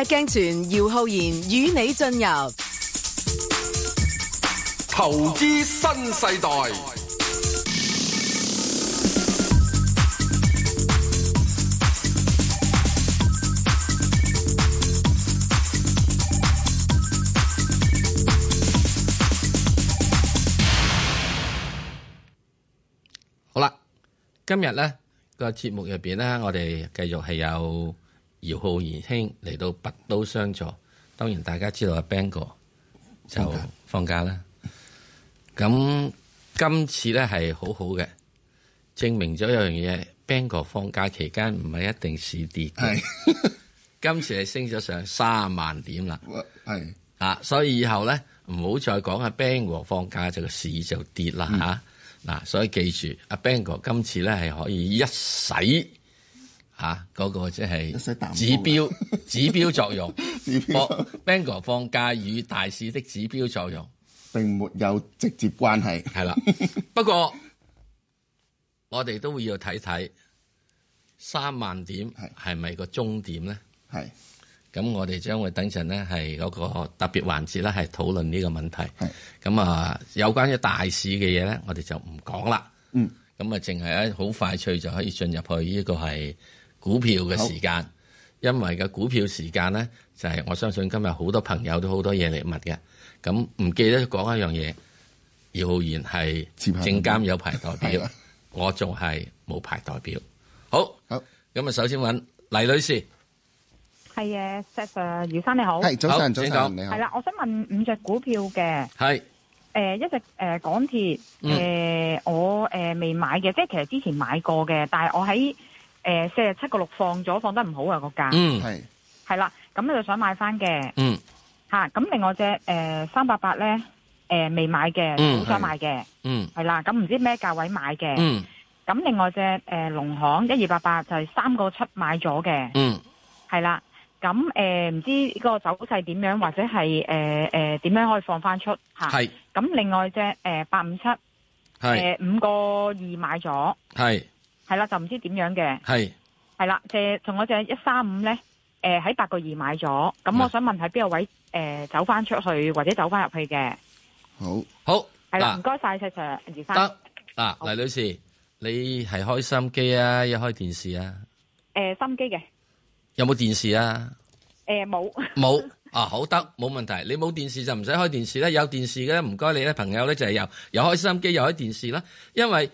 .眼鏡泉，姚浩然與你進入投資新世代。好啦，今日呢個節目入邊呢，我哋繼續係有。姚浩言兄嚟到拔刀相助，當然大家知道阿 Bang 哥就放假啦。咁的今次咧係好好嘅，證明咗一樣嘢：Bang 哥放假期間唔係一定市跌的 今次係升咗上三萬點啦，係啊的，所以以後咧唔好再講阿 Bang 哥放假就個市就跌啦吓。嗱、嗯啊，所以記住阿 Bang 哥今次咧係可以一洗。吓，嗰、啊那個即係指標指標作用。Bengal 放假與大市的指標作用，並沒有直接關係。係啦，不過 我哋都會要睇睇三萬點係咪個終點咧？係的，咁我哋將會等陣咧係嗰個特別環節咧係討論呢個問題。係的，咁啊有關於大市嘅嘢咧，我哋就唔講啦。嗯，咁啊淨係好快脆就可以進入去呢個係。股票嘅時間，因為嘅股票時間咧，就係我相信今日好多朋友都好多嘢嚟問嘅。咁唔記得講一樣嘢，姚浩然係證監有牌代表，我仲係冇牌代表。好，咁啊，首先揾黎女士，係嘅，Sir 姚生你好，係早晨，早晨你好，係啦，我想問五隻股票嘅，係，誒一隻誒港鐵，誒我誒未買嘅，即係其實之前買過嘅，但係我喺。誒，四十七個六放咗，放得唔好啊個價。嗯，係係啦，咁你就想買翻嘅。嗯，吓咁，另外隻誒三八八咧，誒、呃、未買嘅，好想買嘅。嗯，係啦，咁唔、呃、知咩價位買嘅。嗯，咁另外隻誒農行一二八八就係三個七買咗嘅。嗯，係啦，咁誒唔知個走勢點樣，或者係誒誒點樣可以放翻出吓。係、啊，咁的另外隻誒八五七，係、呃，五個二買咗。係。係啦，就唔知點樣嘅。係係啦，借同我隻一三五咧，誒喺八個二買咗。咁我想問係邊個位誒走翻出去或者走翻入去嘅？好好係啦，唔該晒，Sir 二三得嗱，黎女士，你係開心機啊，一開電視啊？誒，心機嘅有冇電視啊？誒，冇冇啊，好得冇問題。你冇電視就唔使開電視啦，有電視嘅唔該你咧，朋友咧就係有有開心機，有開電視啦，因為。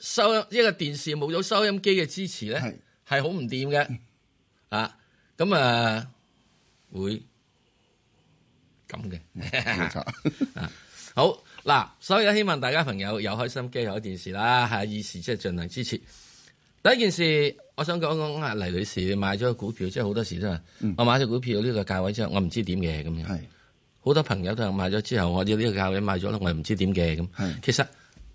收音一個電視冇咗收音機嘅支持咧，係好唔掂嘅啊！咁啊會咁嘅，冇 錯沒錯 啊！好嗱、啊，所以希望大家朋友有開心機有電視啦，係、啊，意思即係盡量支持。第一件事，我想講講阿黎女士，你買咗股票，即係好多時都係，嗯、我買咗股票呢個價位之後，我唔知點嘅咁樣，係好是多朋友都係買咗之後，我知呢個價位買咗啦，我又唔知點嘅咁，係是其實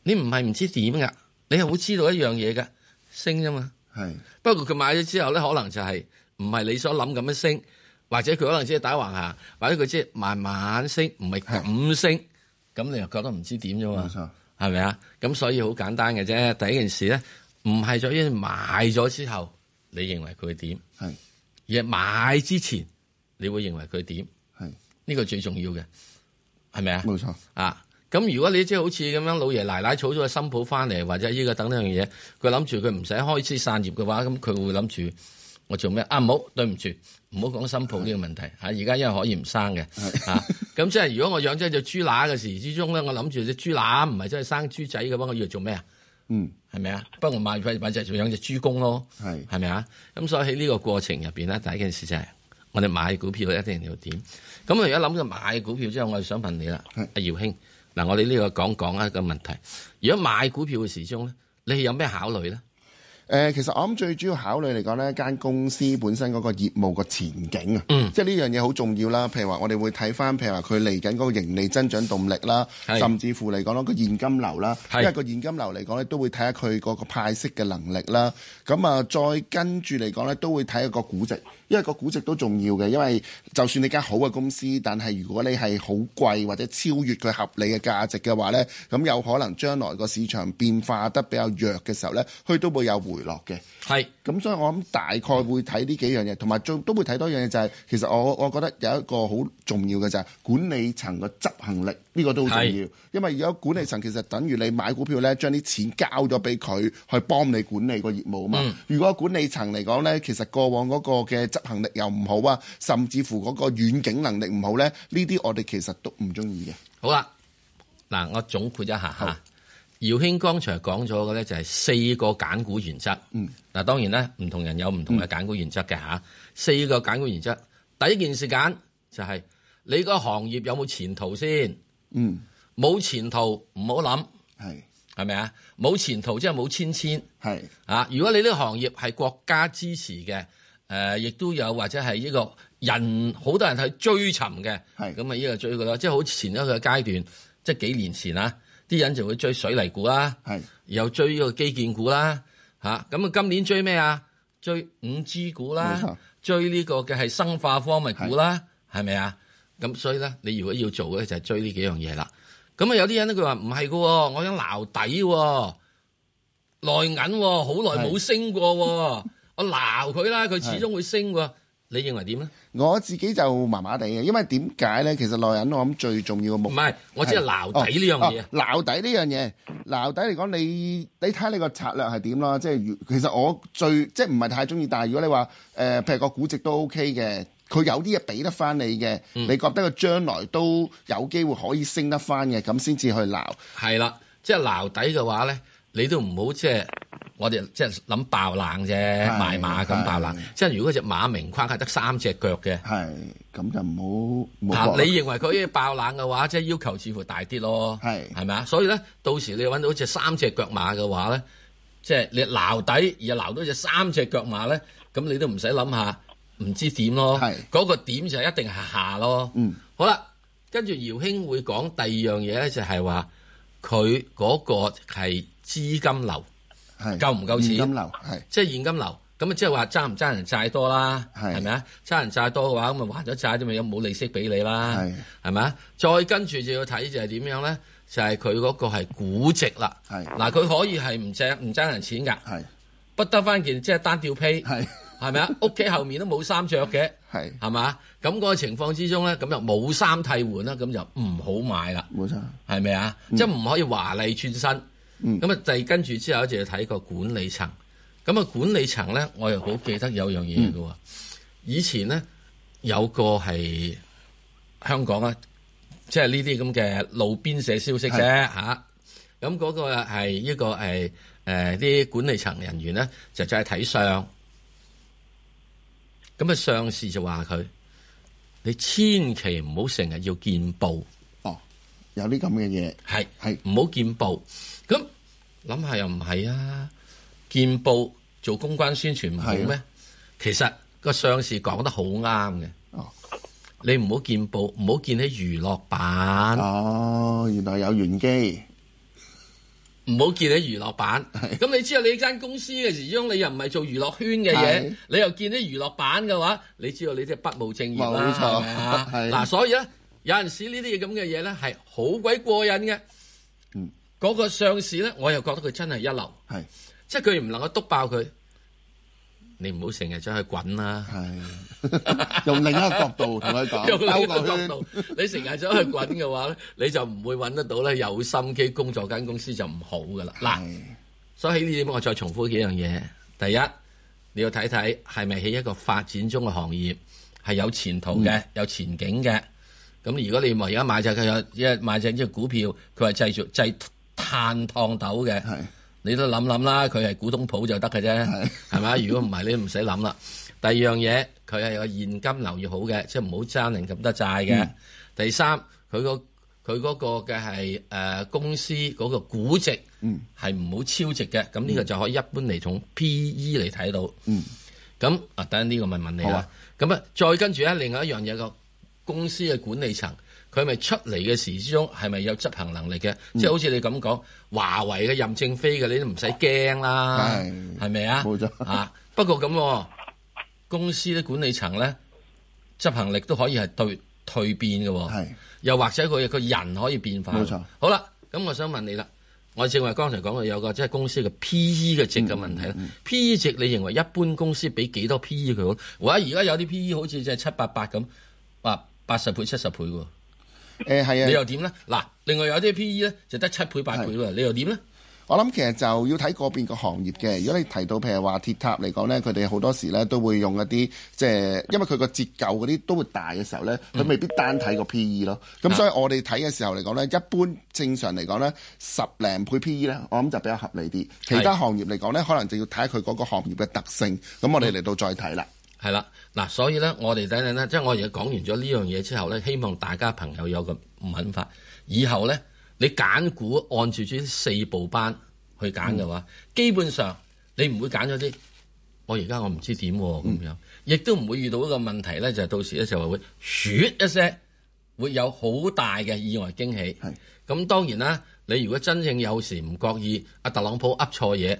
你唔係唔知點㗎。你又會知道一樣嘢㗎升啫嘛，係是，不過佢買咗之後咧，可能就係唔係你所諗咁樣升，或者佢可能只係打橫行，或者佢只係慢慢升，唔係咁升，咁是你又覺得唔知點啫嘛，係咪啊？咁所以好簡單嘅啫，第一件事咧，唔係在於買咗之後你認為佢點，係是，而係買之前你會認為佢點，係是，呢個最重要嘅，係咪錯啊？冇錯，啊。咁如果你即係好似咁樣，老爺奶奶娶咗個新抱翻嚟，或者呢個等呢樣嘢，佢諗住佢唔使開枝散葉嘅話，咁佢會諗住我做咩？啊，唔好，對唔住，唔好講新抱呢個問題嚇。而家是的 因為可以唔生嘅嚇，咁是的、啊、即係如果我養咗隻豬乸嘅時之中咧，我諗住隻豬乸唔係真係生豬仔嘅話，幫我要嚟做咩啊？嗯，係咪啊？不如我買塊買、就是、隻，仲養隻豬公咯。係係咪啊？咁所以喺呢個過程入邊咧，第一件事就係我哋買股票一定要點？咁我而家諗咗買股票之後，我就想問你啦，阿耀興。姚嗱我哋呢個講講一個問題。如果買股票嘅時候呢，你係有咩考慮呢？誒，其實我諗最主要考慮嚟講呢，間公司本身嗰個業務個前景啊，嗯、即係呢樣嘢好重要啦。譬如話，我哋會睇返，譬如話佢嚟緊嗰個盈利增長動力啦，是甚至乎嚟講嗰個現金流啦，是因為個現金流嚟講呢都會睇下佢嗰個派息嘅能力啦。咁啊，再跟住嚟講呢都會睇下個估值，因為個估值都重要嘅。因為就算你間好嘅公司，但係如果你係好貴或者超越佢合理嘅價值嘅話呢，咁有可能將來個市場變化得比較弱嘅時候呢，佢都會有回落嘅，係咁是，所以我諗大概會睇呢幾樣嘢，同埋最都會睇多樣嘢，就是，就係其實我我覺得有一個好重要嘅就係管理層嘅執行力，呢、這個都好重要。是因為如果管理層其實等於你買股票呢，將啲錢交咗俾佢去幫你管理個業務啊嘛。嗯、如果管理層嚟講呢，其實過往嗰個嘅執行力又唔好啊，甚至乎嗰個遠景能力唔好呢，呢啲我哋其實都唔中意嘅。好啦，嗱，我總括一下吓。姚興剛才講咗嘅咧就係四個揀股原則，嗯，嗱當然咧唔同人有唔同嘅揀股原則嘅吓，嗯、四個揀股原則，第一件事揀就係你個行業有冇前途先，嗯，冇前途唔好諗，係係咪啊？冇是前途即係冇千千，係是啊，如果你呢個行業係國家支持嘅，誒、呃，亦都有或者係呢個人好多人係追尋嘅，係咁啊，呢個追嘅啦，即係好似前一個階段，即、就、係、是、幾年前啊。啲人就會追水泥股啦，又是追呢個基建股啦，咁是啊！今年追咩啊？追五 G 股啦，是追呢個嘅係生化科物股啦，係咪啊？咁所以咧，你如果要做咧，就係追呢幾樣嘢啦。咁啊，有啲人咧，佢話唔係噶，我想撈底喎，內銀喎，好耐冇升過喎，是我撈佢啦，佢始終會升喎。是啊你認為點咧？我自己就麻麻地嘅，因為點解咧？其實內引我諗最重要嘅目唔係，我只係撈底呢樣嘢啊！撈、哦啊、底呢樣嘢，撈底嚟講，你你睇下你個策略係點啦。即係，其實我最即係唔係太中意。但係如果你話誒、呃，譬如個估值都 OK 嘅，佢有啲嘢俾得翻你嘅，嗯、你覺得佢將來都有機會可以升得翻嘅，咁先至去撈。係啦、啊，即係撈底嘅話咧，你都唔好即係。我哋即係諗爆冷啫，是賣馬咁爆冷。是即係如果嗰隻馬明框係得三隻腳嘅，係咁就唔好，啊。你認為佢可以爆冷嘅話，即係要求似乎大啲咯，係係咪啊？所以咧，到時你搵到隻三隻腳馬嘅話咧，即係你撈底而又撈到隻三隻腳馬咧，咁你都唔使諗下，唔知點咯。係嗰是個點就一定係下咯。嗯，好啦，跟住姚兄會講第二樣嘢咧，就係話佢嗰個係資金流。夠唔夠錢？係即係現金流，咁啊即係話爭唔爭人債多啦？係咪啊？爭人債多嘅話，咁啊還咗債啫，咪有冇利息俾你啦？係係咪啊？再跟住就要睇就係點樣咧？就係佢嗰個係估值啦。係嗱，佢可以係唔值唔爭人錢噶。係不得翻件即係單吊批。係係咪啊？屋企後面都冇衫着嘅。係係咪？咁個情況之中咧，咁又冇衫替換啦，咁就唔好買啦。冇錯，係咪啊？即係唔可以華麗轉身。咁啊，第跟住之後就要睇個管理層。咁啊，管理層咧，我又好記得有一樣嘢嘅喎。嗯、以前咧有個係香港咧，即係呢啲咁嘅路邊社消息啫嚇。咁嗰是、嗯那個係一個係啲、呃、管理層人員咧，就就係睇相。咁啊，相士就話佢，你千祈唔好成日要見報。哦，有啲咁嘅嘢，係係唔好見報。諗下又唔係啊！見報做公關宣傳唔好咩？啊、其實個上司講得好啱嘅。哦，你唔好見報，唔好見喺娛樂版。哦，原來有玄機。唔好見喺娛樂版。咁、啊、你知道你間公司嘅時中，你又唔係做娛樂圈嘅嘢，啊、你又見啲娛樂版嘅話，你知道你即係不務正業啦。冇錯。嗱、啊啊啊，所以咧，有陣時呢啲咁嘅嘢咧，係好鬼過癮嘅。嗰個上市咧，我又覺得佢真係一流，係是即係佢唔能夠篤爆佢，你唔好成日走去滾啦。係是 用另一個角度同佢講， 用另一個角度， 你成日走去滾嘅話咧， 你就唔會搵得到咧，有心機工作間公司就唔好噶是啦。嗱，所以呢點我再重複幾樣嘢。第一，你要睇睇係咪喺一個發展中嘅行業係有前途嘅，嗯、有前景嘅。咁如果你話而家買咗佢有，即係買隻隻股票，佢話製造製。炭燙豆嘅，是你都諗諗啦，佢係股東譜就得嘅啫，係咪是？如果唔係，你唔使諗啦。 第二樣嘢，佢係個現金流要好嘅，即係唔好爭人咁多債嘅。嗯、第三，佢、嗰個佢嗰個嘅係誒公司嗰個估值係唔好超值嘅，咁呢、嗯、個就可以一般嚟從 P E 嚟睇到。咁、嗯、啊，等下呢個咪問你啦。咁啊，再跟住咧，另外一樣嘢個公司嘅管理層。佢咪出嚟嘅時之中係咪有執行能力嘅？嗯、即係好似你咁講，華為嘅任正非嘅，你都唔使驚啦，係咪啊？冇、啊、沒錯。嚇、啊，不過咁、哦、公司啲管理層咧，執行力都可以係蛻蛻變嘅、哦。係。是 又或者佢佢個人可以變化。冇沒錯好。好啦，咁我想問你啦，我正話剛才講嘅有個即係、就是、公司嘅 P E 嘅值嘅問題啦。嗯嗯、P E 值你認為一般公司俾幾多 P E 佢好？或者而家有啲 P E 好似即係七八八咁，啊八十倍、七十倍喎、哦。誒，係啊、欸！你又點咧？嗱，另外有啲 P E 咧，就得七倍、八倍喎。的你又點咧？我諗其實就要睇個邊個行業嘅。如果你提到譬如話鐵塔嚟講咧，佢哋好多時咧都會用一啲即係，因為佢個結構嗰啲都會大嘅時候咧，佢未必單睇個 P E 咯。咁所以我哋睇嘅時候嚟講咧，一般正常嚟講咧，十零倍 P E 咧，我諗就比較合理啲。其他行業嚟講咧，可能就要睇佢嗰個行業嘅特性。咁我哋嚟到再睇啦。係啦、嗯。嗱、啊，所以咧，我哋等等咧，即、就、係、是、我而家講完咗呢樣嘢之後咧，希望大家朋友有個唔肯法。以後咧，你揀股按住啲四步班去揀嘅話，嗯、基本上你唔會揀咗啲，我而家我唔知點咁樣，啊嗯、樣亦都唔會遇到一個問題咧，就是、到時咧就會會噓一聲，會有好大嘅意外驚喜。咁的、啊、當然啦、啊，你如果真正有時唔覺意，阿特朗普噏錯嘢。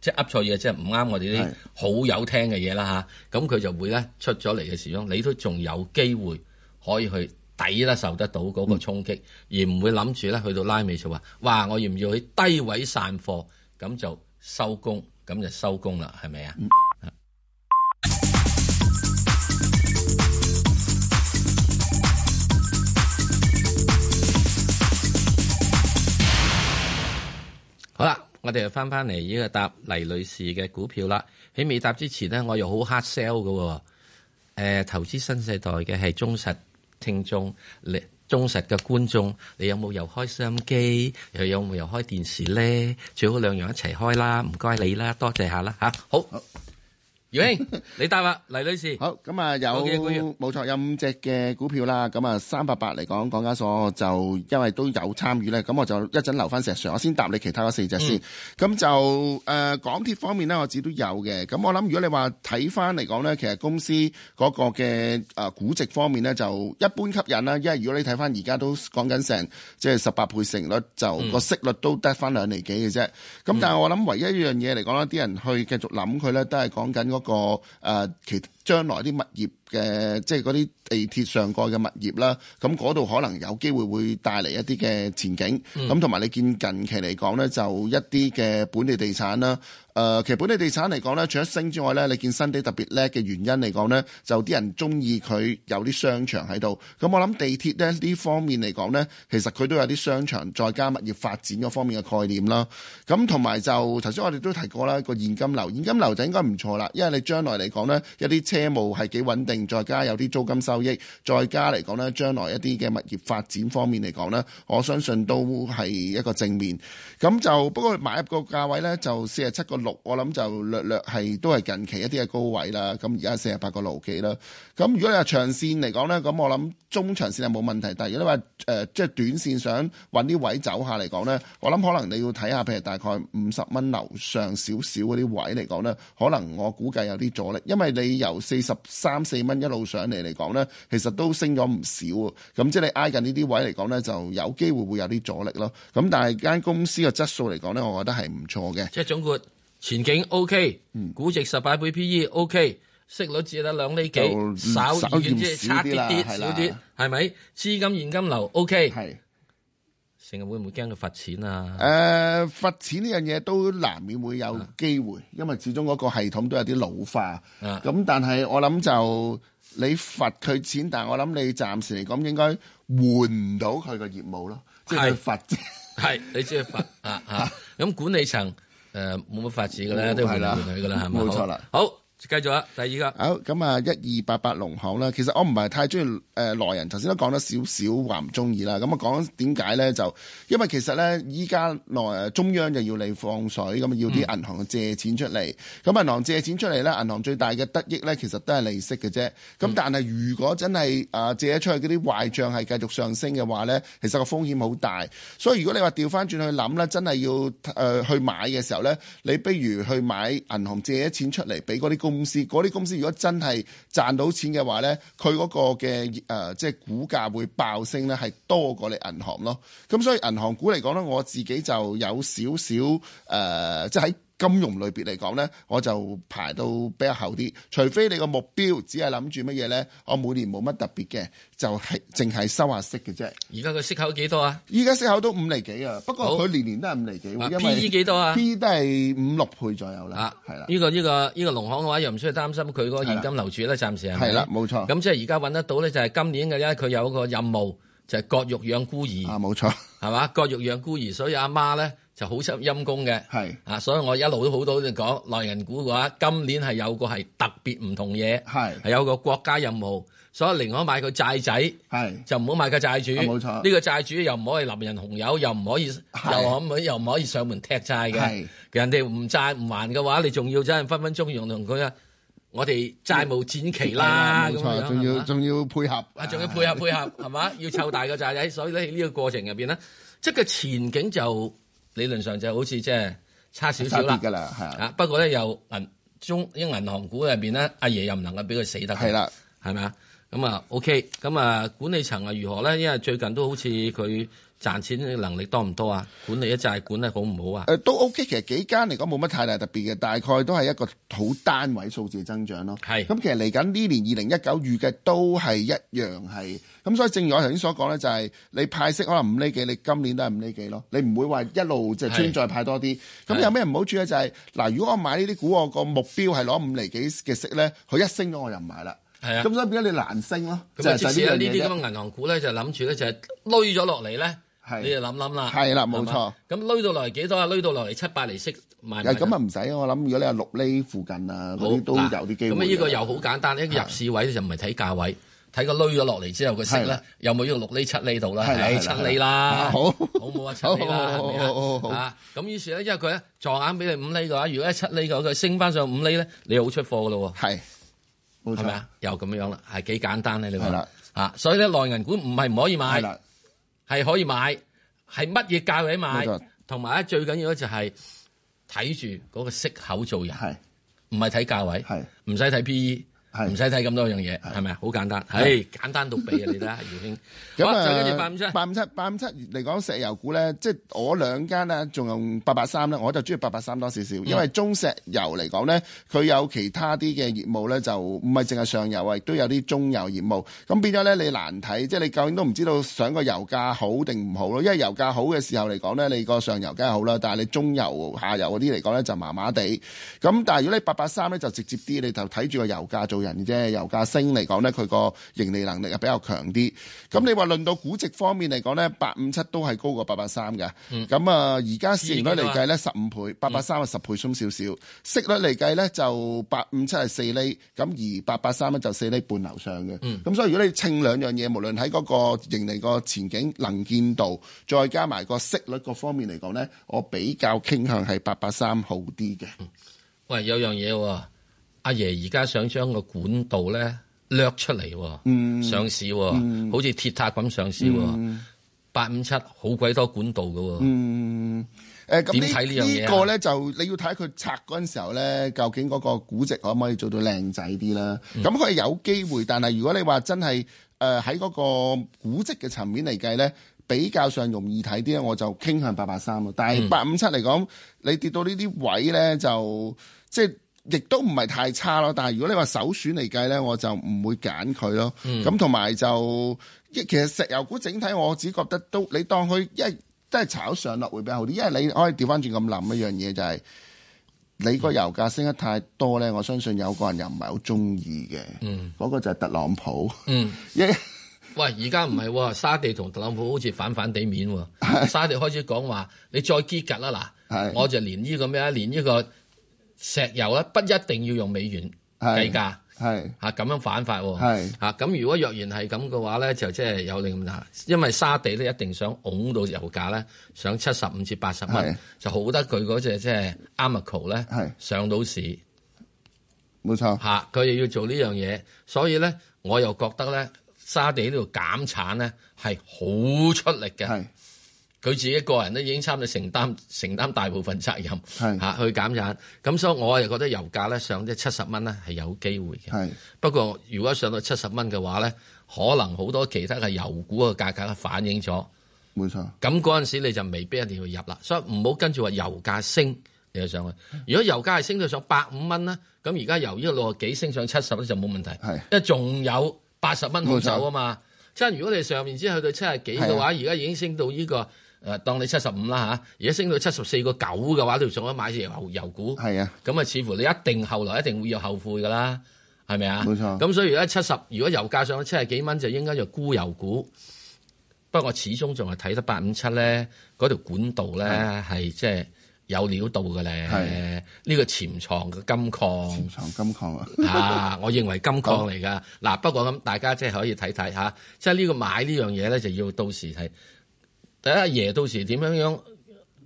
即係噏錯嘢，即係唔啱我哋啲好友聽嘅嘢啦嚇，咁佢就會咧出咗嚟嘅時候，你都仲有機會可以去抵得受得到嗰個衝擊，而唔會諗住咧去到拉尾就話，哇！我要唔要喺低位散貨？咁就收工，咁就收工啦，係咪啊？好啦。我哋又翻翻嚟呢個答黎女士嘅股票啦。喺未答之前咧，我又好 hard sell 嘅喎。誒，投資新世代嘅係忠實聽眾，你忠實嘅觀眾，你有冇又開收音機，又有冇又開電視咧？最好兩樣一齊開啦，唔該你啦，多謝下啦、啊、好。好。姚興，你答啦，黎女士。好，咁啊有冇錯？有五隻嘅股票啦。咁啊，三百八嚟講，港交所就因為都有參與咧。咁我就一陣留翻石上，我先答你其他嗰四隻先。咁就誒，港鐵方面咧，我自己都有嘅。咁我諗，如果你話睇翻嚟講咧，其實公司嗰個嘅誒估值方面咧，就一般吸引啦。因為如果你睇翻而家都講緊成即係十八倍市率，就個息率都得翻兩厘幾嘅啫。咁但係我諗，唯一一樣嘢嚟講啦，啲人去繼續諗佢咧，都係講緊個。那個誒、呃，其將來啲物業嘅，即係嗰啲地鐵上蓋嘅物業啦，咁嗰度可能有機會會帶嚟一啲嘅前景。咁同埋你見近期嚟講咧，就一啲嘅本地地產啦。誒，其實本地地產嚟講呢，除咗升之外呢，你見新地特別叻嘅原因嚟講呢，就啲人中意佢有啲商場喺度。咁我諗地鐵呢呢方面嚟講呢，其實佢都有啲商場，再加物業發展嗰方面嘅概念啦。咁同埋就頭先我哋都提過啦，個現金流，現金流就應該唔錯啦。因為你將來嚟講呢，一啲車務係幾穩定，再加有啲租金收益，再加嚟講呢，將來一啲嘅物業發展方面嚟講呢，我相信都係一個正面。咁就不過買入個價位呢，就四十七個我諗就略略係都係近期一啲嘅高位啦，咁而家四十八個六幾啦。咁如果你話長線嚟講呢，咁我諗中長線係冇問題。但係如果你話誒即係短線想搵啲位走下嚟講呢，我諗可能你要睇下，譬如大概五十蚊樓上少少嗰啲位嚟講呢，可能我估計有啲阻力，因為你由四十三四蚊一路上嚟嚟講呢，其實都升咗唔少啊。咁即係你挨近呢啲位嚟講呢，就有機會會有啲阻力咯。咁但係間公司嘅質素嚟講呢，我覺得係唔錯嘅。即係總括。前景 OK，估值十八倍 PE OK，息率只得兩厘幾，稍遠啲，差啲啲，少啲，係咪？資金現金流 OK，係成日會唔會驚佢罰錢啊？誒，罰錢呢樣嘢都難免會有機會，因為始終嗰個系統都有啲老化，咁但係我諗就你罰佢錢，但係我諗你暫時嚟講應該換唔到佢嘅業務咯，即係罰，係你即係罰啊啊！咁管理層。誒，冇乜、呃、發展㗎啦，都係啦，流啦，係嘛？冇錯啦，好。好繼續啊，第二個。好，咁啊，一二八八農行啦，其實我唔係太中意誒來人，頭先都講咗少少話唔中意啦。咁我講點解呢？就因為其實呢，依家內中央就要你放水，咁要啲銀行借錢出嚟。咁、嗯、銀銀行借錢出嚟呢，銀行最大嘅得益呢、嗯，其實都係利息嘅啫。咁但係如果真係借咗出去嗰啲壞賬係繼續上升嘅話呢，其實個風險好大。所以如果你話調翻轉去諗呢，真係要誒去買嘅時候呢，你不如去買銀行借咗錢出嚟，俾嗰啲公司嗰啲公司如果真係賺到錢嘅話咧，佢嗰個嘅誒，即係股價會爆升咧，係多過你銀行咯。咁所以銀行股嚟講咧，我自己就有少少誒，即係喺。就是在金融類別嚟講咧，我就排到比較後啲，除非你個目標只係諗住乜嘢咧，我每年冇乜特別嘅，就係淨係收下息嘅啫。而家佢息口幾多啊？依家息口都五厘幾啊，不過佢年年都係五厘幾。P E 幾多啊？PE 都係五六倍左右啦。係啦、啊，呢個、呢個、呢個、呢個農行嘅話又唔需要擔心佢嗰個現金流住啦，暫時係。係啦，冇錯。咁即係而家揾得到咧，就係、是、今年嘅，呢因為佢有一個任務就係、是、割肉養孤兒。啊，冇錯，係嘛？割肉養孤兒，所以阿媽咧。就好出陰公嘅，係啊，所以我一路都好多就講內人股嘅話，今年係有個係特別唔同嘢，係有個國家任務，所以寧可買個債仔，係就唔好買個債主。冇錯，呢個債主又唔可以淋人紅油，又唔可以，又可唔可以又唔可以上門踢債嘅。係人哋唔債唔還嘅話，你仲要真係分分鐘用同佢啊！我哋債務展期啦，冇錯，仲要仲要配合，仲要配合配合，係嘛？要湊大個債仔，所以咧呢個過程入面咧，即係個前景就。理論上就好似即係差少少啦，係啊，不過咧又銀中啲銀行股入邊咧，阿爺又唔能夠俾佢死得，係啦，係咪啊？咁啊，OK，咁啊，管理層係如何咧？因為最近都好似佢。賺錢能力多唔多啊？管理一債管得好唔好啊？誒、呃，都 OK，其實幾間嚟講冇乜太大特別嘅，大概都係一個好單位數字嘅增長咯。係是，咁其實嚟緊呢年二零一九預計都係一樣係，咁所以正如我頭先所講咧，就係、是、你派息可能五厘幾，你今年都係五厘幾咯，你唔會話一路即係穿再派多啲。咁，是有咩唔好處咧？就係、是、嗱，如果我買呢啲股，我個目標係攞五厘幾嘅息咧，佢一升咗我就唔買啦。係啊。咁所以變咗你難升咯。咁就即使呢啲咁嘅銀行股咧，就諗住咧就係咗落嚟咧。你哋諗諗啦，係啦，冇錯。咁攞到落嚟幾多啊？攞到落嚟七百厘息賣。咁啊唔使，我諗如果你係六厘附近啊，嗰啲都有啲機會。咁呢個又好簡單，一入市位就唔係睇價位，睇個攞咗落嚟之後個息咧，有冇呢個六厘七厘度咧？係七厘啦，好，好唔好啊？七厘啦，好，好，好，好。啊，咁於是咧，因為佢咧撞眼俾你五厘嘅話，如果喺七厘嘅話，佢升翻上五厘咧，你好出貨噶咯喎。係，係咪啊？又咁樣啦，係幾簡單咧？你覺得啊？所以咧，內銀股唔係唔可以買。係可以買，係乜嘢價位買，同埋冇錯最緊要就係睇住嗰個息口做人，唔係睇價位，唔使睇 PE。係唔使睇咁多樣嘢，係咪啊？好簡單，唉、哎，簡單到痹啊！你睇下耀興咁啊，再跟住八五七、八五七、八五七嚟講石油股咧，即係我兩間咧仲用八八三咧，我就中意八八三多少少，因為中石油嚟講咧，佢有其他啲嘅業務咧，就唔係淨係上游啊，亦都有啲中油業務。咁變咗咧，你難睇，即係你究竟都唔知道想個油價好定唔好咯？因為油價好嘅時候嚟講咧，你個上游梗係好啦，但係你中油、下游嗰啲嚟講咧就麻麻地。咁但係如果你八八三咧就直接啲，你就睇住個油價做。啫，油價升嚟講咧，佢個盈利能力又比較強啲。咁你話論到估值方面嚟講咧，八五七都係高過八八三嘅。咁啊、嗯，而家市盈率嚟計咧，十五倍，八八三係十倍，鬆少少。息率嚟計咧，就八五七係四厘，咁而八八三咧就四厘半樓上嘅。咁、嗯、所以如果你稱兩樣嘢，無論喺嗰個盈利個前景能見度，再加埋個息率個方面嚟講咧，我比較傾向係八八三好啲嘅。喂，有樣嘢喎、啊。阿爺而家想將個管道咧掠出嚟、嗯、上市喎，嗯、好似鐵塔咁上市喎，嗯、八五七好鬼多管道㗎喎。嗯，誒、呃、咁你睇呢呢個咧就你要睇佢拆嗰陣時候咧，究竟嗰個估值可唔可以做到靚仔啲啦？咁佢係有機會，但係如果你話真係誒喺嗰個估值嘅層面嚟計咧，比較上容易睇啲咧，我就傾向八八三喎。但係八五七嚟講，嗯、你跌到呢啲位咧，就即係。亦都唔係太差咯，但係如果你話首選嚟計咧，我就唔會揀佢咯。咁同埋就，其實石油股整體我自己覺得都，你當佢，一係都係炒上落會比較好啲。因為你可以調翻轉咁諗一樣嘢，就係你個油價升得太多咧，我相信有個人又唔係好中意嘅。嗯，嗰個就係特朗普。嗯，一 Yeah 喂，而家唔係喎，沙地同特朗普好似反反地面喎。沙地開始講話， 你再堅格啦嗱，是的 我就連呢個咩啊，連呢個。石油咧不一定要用美元計價，係嚇咁樣反法喎，係咁是如果若然係咁嘅話咧，就即係有另咁嚇，因為沙地咧一定想拱到油價咧，上七十五至八十蚊就好得佢嗰隻，即係 Aramco 咧上到市，冇錯嚇，佢又要做呢樣嘢，所以咧我又覺得咧沙地呢度減產咧係好出力嘅。佢自己個人咧已經參與承擔承擔大部分責任，係嚇是、啊、去減產。咁所以我又覺得油價咧上即七十蚊咧係有機會嘅。係是，不過如果上到七十蚊嘅話咧，可能好多其他嘅油股嘅價格咧反映咗。冇錯。咁嗰陣時你就未必一定要入啦。所以唔好跟住話油價升你就上去。如果油價係升到上百五蚊咧，咁而家由呢個六啊幾升上七十咧就冇問題，是因為仲有八十蚊可走啊嘛。即係如果你上面只去到七十幾嘅話，而家、啊、已經升到呢、這個。誒，當你七十五啦吓，而家升到七十四個九嘅話，你仲可以買石油股。係是啊，咁啊，似乎你一定後來一定會要後悔噶啦，係咪啊？冇沒錯。咁所以而家七十，如果油價上到七十幾蚊，就應該就沽油股。不過我始終仲係睇得八五七咧，嗰條管道咧係即係有料到嘅咧。係，呢個潛藏嘅金礦。潛藏金礦啊！啊，我認為金礦嚟㗎。嗱，不過咁大家即係可以睇睇吓，即係呢個買這個東西呢樣嘢咧，就要到時係。第一，阿爺到時點樣樣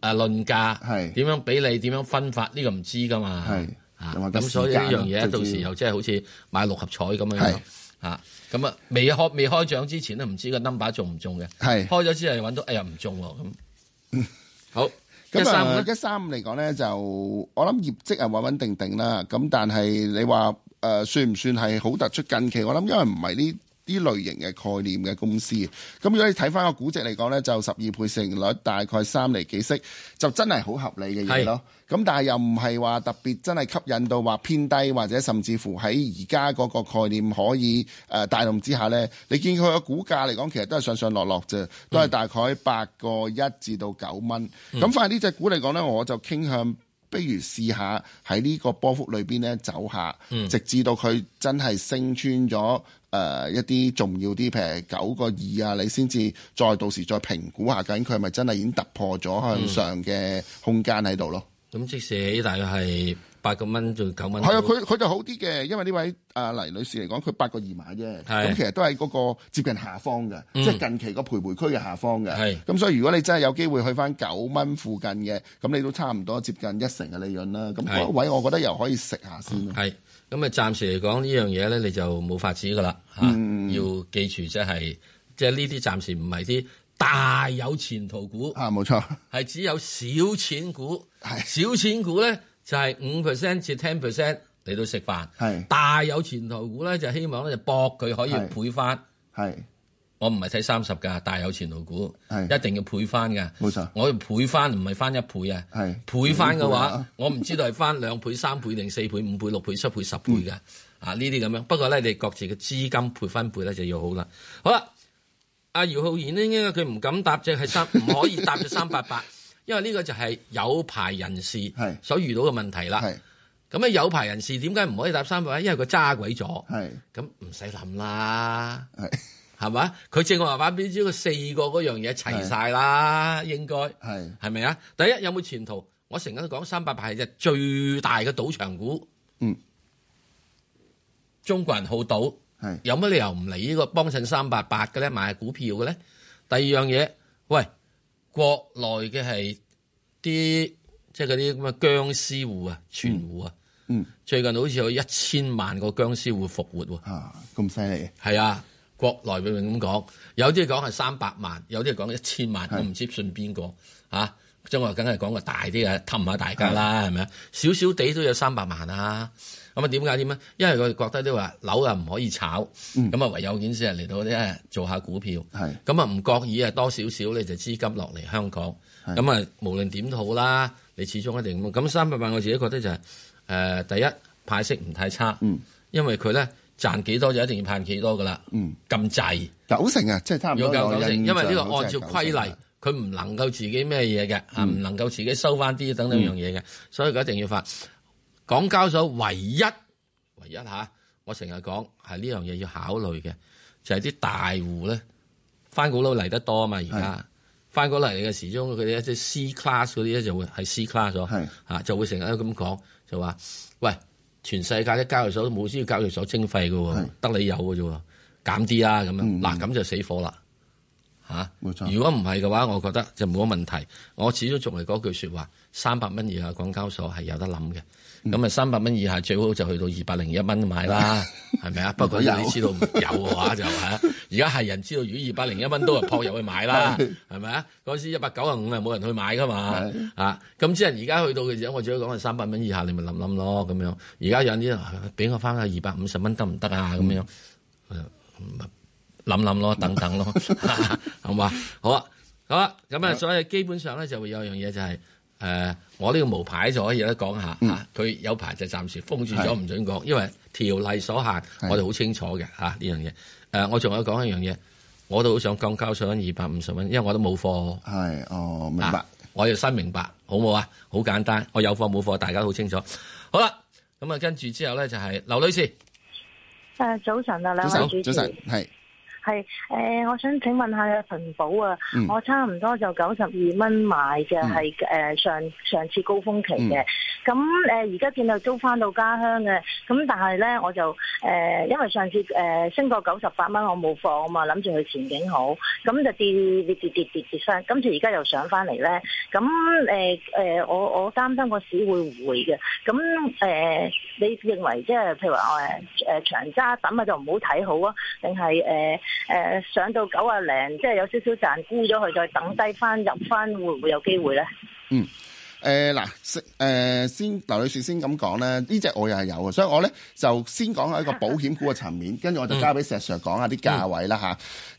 啊論價，點是樣俾你，點樣分發呢、呢個唔知噶嘛。咁所以呢樣嘢到時候即係好似買六合彩咁樣樣。咁是啊未、啊、未開獎之前都唔知個 number 中唔中嘅。是開咗先你揾到，哎呀唔中喎咁。啊、 好，咁一三五一三五嚟講咧，就我諗業績係穩穩定定啦。咁但係你話誒、呃、算唔算係好突出？近期我諗因為唔係呢啲類型嘅概念嘅公司，咁如果你睇翻個估值嚟講呢，就十二倍市盈率，大概三厘幾息，就真係好合理嘅嘢咯。咁是但係又唔係話特別真係吸引到話偏低，或者甚至乎喺而家嗰個概念可以誒帶動之下呢，你見佢個股價嚟講，其實都係上上落落啫，嗯、都係大概八個一至到九蚊。咁、嗯、反而呢隻股嚟講呢，我就傾向，不如試下喺呢個波幅裏邊呢走下，嗯、直至到佢真係升穿咗。誒、呃、一啲重要啲譬如九個二啊，你先至再到時再評估下究竟佢係咪真係已經突破咗向上嘅空間喺度咯？咁、嗯嗯、即使大概係八個蚊到九蚊。係啊，佢佢、嗯嗯嗯、就好啲嘅，因為呢位阿黎、呃、女士嚟講，佢八個二買啫，咁是、嗯嗯、其實都係嗰個接近下方嘅，即係近期個徘徊區嘅下方嘅。咁、嗯，所以如果你真係有機會去翻九蚊附近嘅，咁你都差唔多接近一成嘅利潤啦。咁、那、嗰、個、位我覺得又可以食下先。咁啊，暫時嚟講呢樣嘢咧，你就冇法子噶啦嚇，要記住即係即係呢啲暫時唔係啲大有前途股啊，冇錯，係只有小錢股，是小錢股咧就係五 percent 至 ten percent 嚟到食飯，是大有前途股咧就希望咧就搏佢可以倍翻，係。我唔係睇三十噶，大有前途股，係一定要倍翻噶，冇錯。我要倍翻，唔係翻一倍啊，係倍翻嘅話，我唔知道係翻兩倍、三倍、定四倍、五倍、六倍、七倍、十倍噶，啊呢啲咁樣。不過咧，你各自嘅資金配分配咧就要好啦。好啦，阿姚浩然呢應該佢唔敢答只係三，唔可以答隻三八八，因為呢個就係有牌人士係所遇到嘅問題啦。係咁咧，有牌人士點解唔可以答三八八？因為佢揸鬼咗，係咁唔使諗啦，係。係嘛？佢正話話，邊知佢四個嗰樣嘢齊晒啦，是應該係係咪啊？第一有冇前途？我成日都講三八八係隻最大嘅賭場股。嗯，中國人好賭，係是有乜理由唔嚟呢個幫襯三八八嘅咧？買股票嘅咧？第二樣嘢，喂，國內嘅係啲即係嗰啲咁嘅僵屍戶啊、存戶啊、嗯，嗯，最近好似有一千萬個僵屍戶復活喎，吓咁犀利，係啊。國內明明咁講，有啲講係三百萬，有啲講一千萬，是的 我唔知信邊個嚇。將我梗係講個大啲嘅氹下大家啦，係咪啊？少少地都有三百萬啊。咁啊點解點啊？因為我哋覺得都話樓啊唔可以炒，咁啊、嗯、唯有件事係嚟到咧做下股票。係咁啊，唔覺意啊多少少咧就資金落嚟香港。咁啊，無論點都好啦，你始終一定咁。咁三百萬我自己覺得就係、是呃、第一派息唔太差，嗯、因為佢咧。賺幾多就一定要派幾多噶啦，咁滯、嗯、制九成啊，即、就、係、是、差唔多九成，因為呢個按照規例，佢唔能夠自己咩嘢嘅，唔、嗯、能夠自己收翻啲等等樣嘢嘅，嗯、所以佢一定要發。港交所唯一唯一吓，我成日講係呢樣嘢要考慮嘅，就係、是、啲大戶咧，翻股佬嚟得多啊嘛，而家翻股佬嚟嘅時鐘佢哋一啲 C class 嗰啲咧就會係 C class 咗是、啊，就會成日咁講就話，喂。全世界啲交易所都冇需要交易所徵費㗎喎，得是你有㗎啫喎，減啲啦咁樣，嗱咁、嗯嗯、就死火啦嚇。啊、錯如果唔係嘅話，我覺得就冇乜問題。我始終仲係嗰句説話，三百蚊以下嘅港交所係有得諗嘅。咁啊，三百蚊以下最好就去到二百零一蚊買啦，係咪啊？不過你知道有嘅話就吓，而家係人知道，如果二百零一蚊都係撲入去買啦，係咪啊？嗰時一百九啊五係冇人去買噶嘛，吓咁即係而家去到嘅時候，我只好講係三百蚊以下，你咪諗諗咯，咁樣。而家有啲俾我翻去二百五十蚊得唔得啊？咁、啊、樣諗諗、嗯、咯，等等咯，係嘛？ 好啊，好啊，咁啊， 所以基本上咧就會有樣嘢就係、是。誒、呃，我呢個無牌就可以有得講下嚇，佢、嗯、有牌就暫時封住咗唔是准講，因為條例所限，是我哋好清楚嘅嚇呢樣嘢。誒、啊這個呃，我仲有講一樣嘢，我都好想降交上翻二百五十蚊，因為我都冇貨。係哦，明白、啊。我要新明白，好冇啊？好簡單，我有貨冇貨，大家都好清楚。好啦，咁啊，跟住之後咧就係、是、劉女士。誒，早晨啊，兩位主持。早晨，係。係，誒、呃，我想請問下阿平保啊，嗯、我差唔多就九十二蚊買嘅，係誒、嗯呃、上上次高峰期嘅，咁誒而家見到租翻到家鄉嘅。咁但係咧，我就誒，因為上次誒升過九十八蚊，我冇貨啊嘛，諗住佢前景好，咁就跌跌跌跌跌跌翻，跟住而家又上翻嚟咧。咁誒我我擔心個市會唔會嘅。咁誒，你認為即係譬如話誒長揸等啊，就唔好睇好啊？定係誒上到九啊零，即係有少少賺沽咗佢，再等低翻入翻會唔會有機會咧？嗯。誒嗱，誒、呃、先，劉女士先咁講咧，呢隻我又係有嘅，所以我咧就先講下一個保險股嘅層面，跟住 我就交俾石 Sir 講下啲價位啦吓，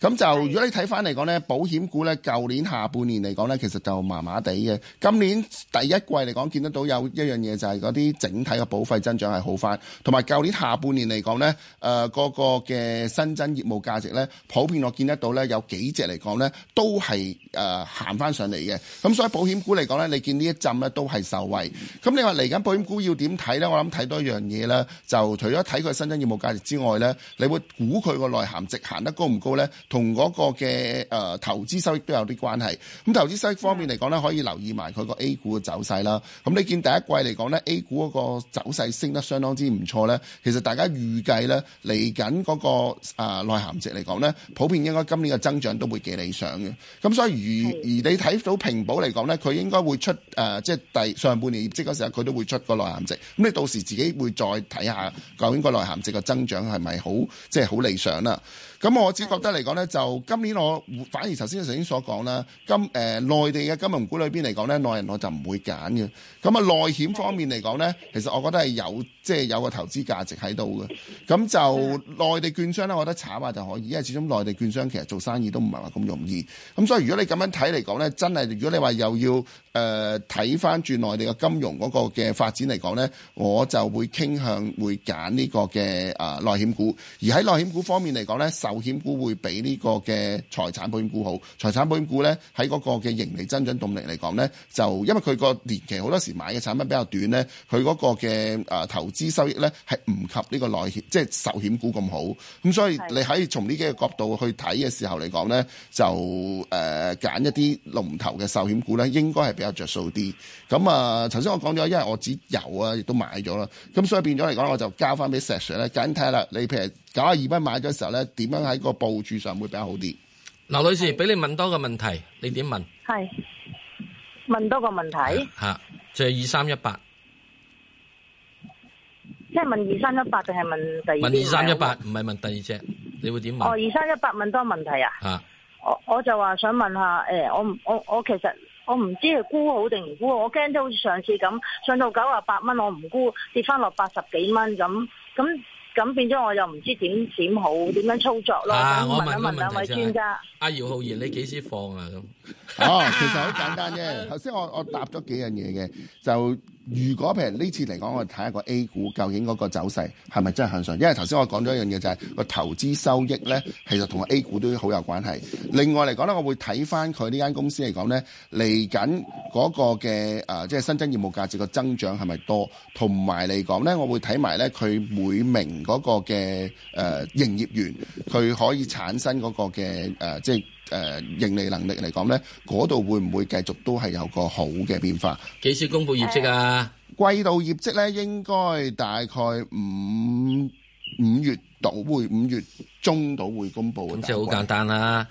咁就 如果你睇翻嚟講咧，保險股咧，舊年下半年嚟講咧，其實就麻麻地嘅。今年第一季嚟講見得到有一樣嘢就係嗰啲整體嘅保費增長係好返。同埋舊年下半年嚟講咧，誒、呃、個個嘅新增業務價值咧，普遍我見得到咧有幾隻嚟講咧都係誒行翻上嚟嘅。咁所以保險股嚟講咧，你見呢一陣。咁咧都係受惠，咁你話嚟緊保險股要點睇呢？我諗睇多一樣嘢呢，就除咗睇佢新增業務價值之外呢，你會估佢個內涵值行得高唔高呢？同嗰個嘅誒、呃、投資收益都有啲關係。咁投資收益方面嚟講呢，可以留意埋佢個 A 股嘅走勢啦。咁你見第一季嚟講呢 A 股嗰個走勢升得相當之唔錯呢。其實大家預計呢，嚟緊嗰個誒、呃、內涵值嚟講呢，普遍應該今年嘅增長都會幾理想嘅。咁所以如而你睇到平保嚟講呢，佢應該會出、呃即係第上半年業績嗰時候，佢都會出個內涵值。咁你到時自己會再睇下，究竟個內涵值嘅增長係咪好即係好理想啦？咁我只覺得嚟講呢，就今年我反而頭先陳總所講啦，金誒呃、內地嘅金融股裏面嚟講呢，內銀我就唔會揀嘅。咁啊內險方面嚟講呢，其實我覺得係有即係、就是、有個投資價值喺度嘅。咁就內地券商呢，我覺得炒吓就可以，因為始終內地券商其實做生意都唔係話咁容易。咁所以如果你咁樣睇嚟講呢，真係如果你話又要誒睇翻轉內地嘅金融嗰個嘅發展嚟講呢，我就會傾向會揀呢個嘅啊內險股。而喺內險股方面嚟講呢。保險股會比呢個嘅財產保險股好，財產保險股咧喺嗰個嘅盈利增長動力嚟講咧，就因為佢個年期好多時買嘅產品比較短咧，佢嗰個嘅誒投資收益，咧係唔及呢個內險，即係壽險股咁好，咁所以你喺從呢幾個角度去睇嘅時候嚟講咧，就誒、揀、呃、一啲龍頭嘅壽險股咧，應該係比較着數啲。咁啊，頭先我講咗，因為我持有啊，亦都買咗啦，咁所以變咗嚟講，我就交翻俾石 Sir 咧，簡單睇啦，你譬如。九啊二蚊買咗時候咧，點樣喺個部署上會比較好啲？劉女士，俾你問多個問題，你點問？係問多個問題？吓，就係二三一八，即係問二三一八定係問第二隻？2 問二三一八，唔係問第二隻，你會點問？哦，二三一八問多個問題啊？吓的，我我就話想問下，誒、欸，我我我其實我唔知係沽好定唔沽，我驚都好似上次咁，上到九啊八蚊，我唔沽，跌翻落八十幾蚊咁，咁。咁變咗，我又唔知點點好，點樣操作咯？啊、問我問一問兩位專家。阿、啊、姚浩然，你幾時放啊？咁 哦，其實好簡單啫。頭先 我我答咗幾樣嘢嘅就。如果譬如呢次嚟講，我哋睇下個 A 股究竟嗰個走勢係咪真係向上？因為頭先我講咗一樣嘢就係個投資收益呢，其實同 A 股都好有關係。另外嚟講呢，我會睇翻佢呢間公司嚟講呢，嚟緊嗰個嘅誒，即係新增業務價值個增長係咪多？同埋嚟講呢，我會睇埋呢佢每名嗰個嘅誒、啊、營業員，佢可以產生嗰個嘅誒，即係。誒盈利能力嚟講咧，嗰度會唔會繼續都係有個好嘅變化？幾時公布業績啊？哎、呀季度業績咧，應該大概五五月度會，五月中度會公布。咁即係好簡單啦、啊。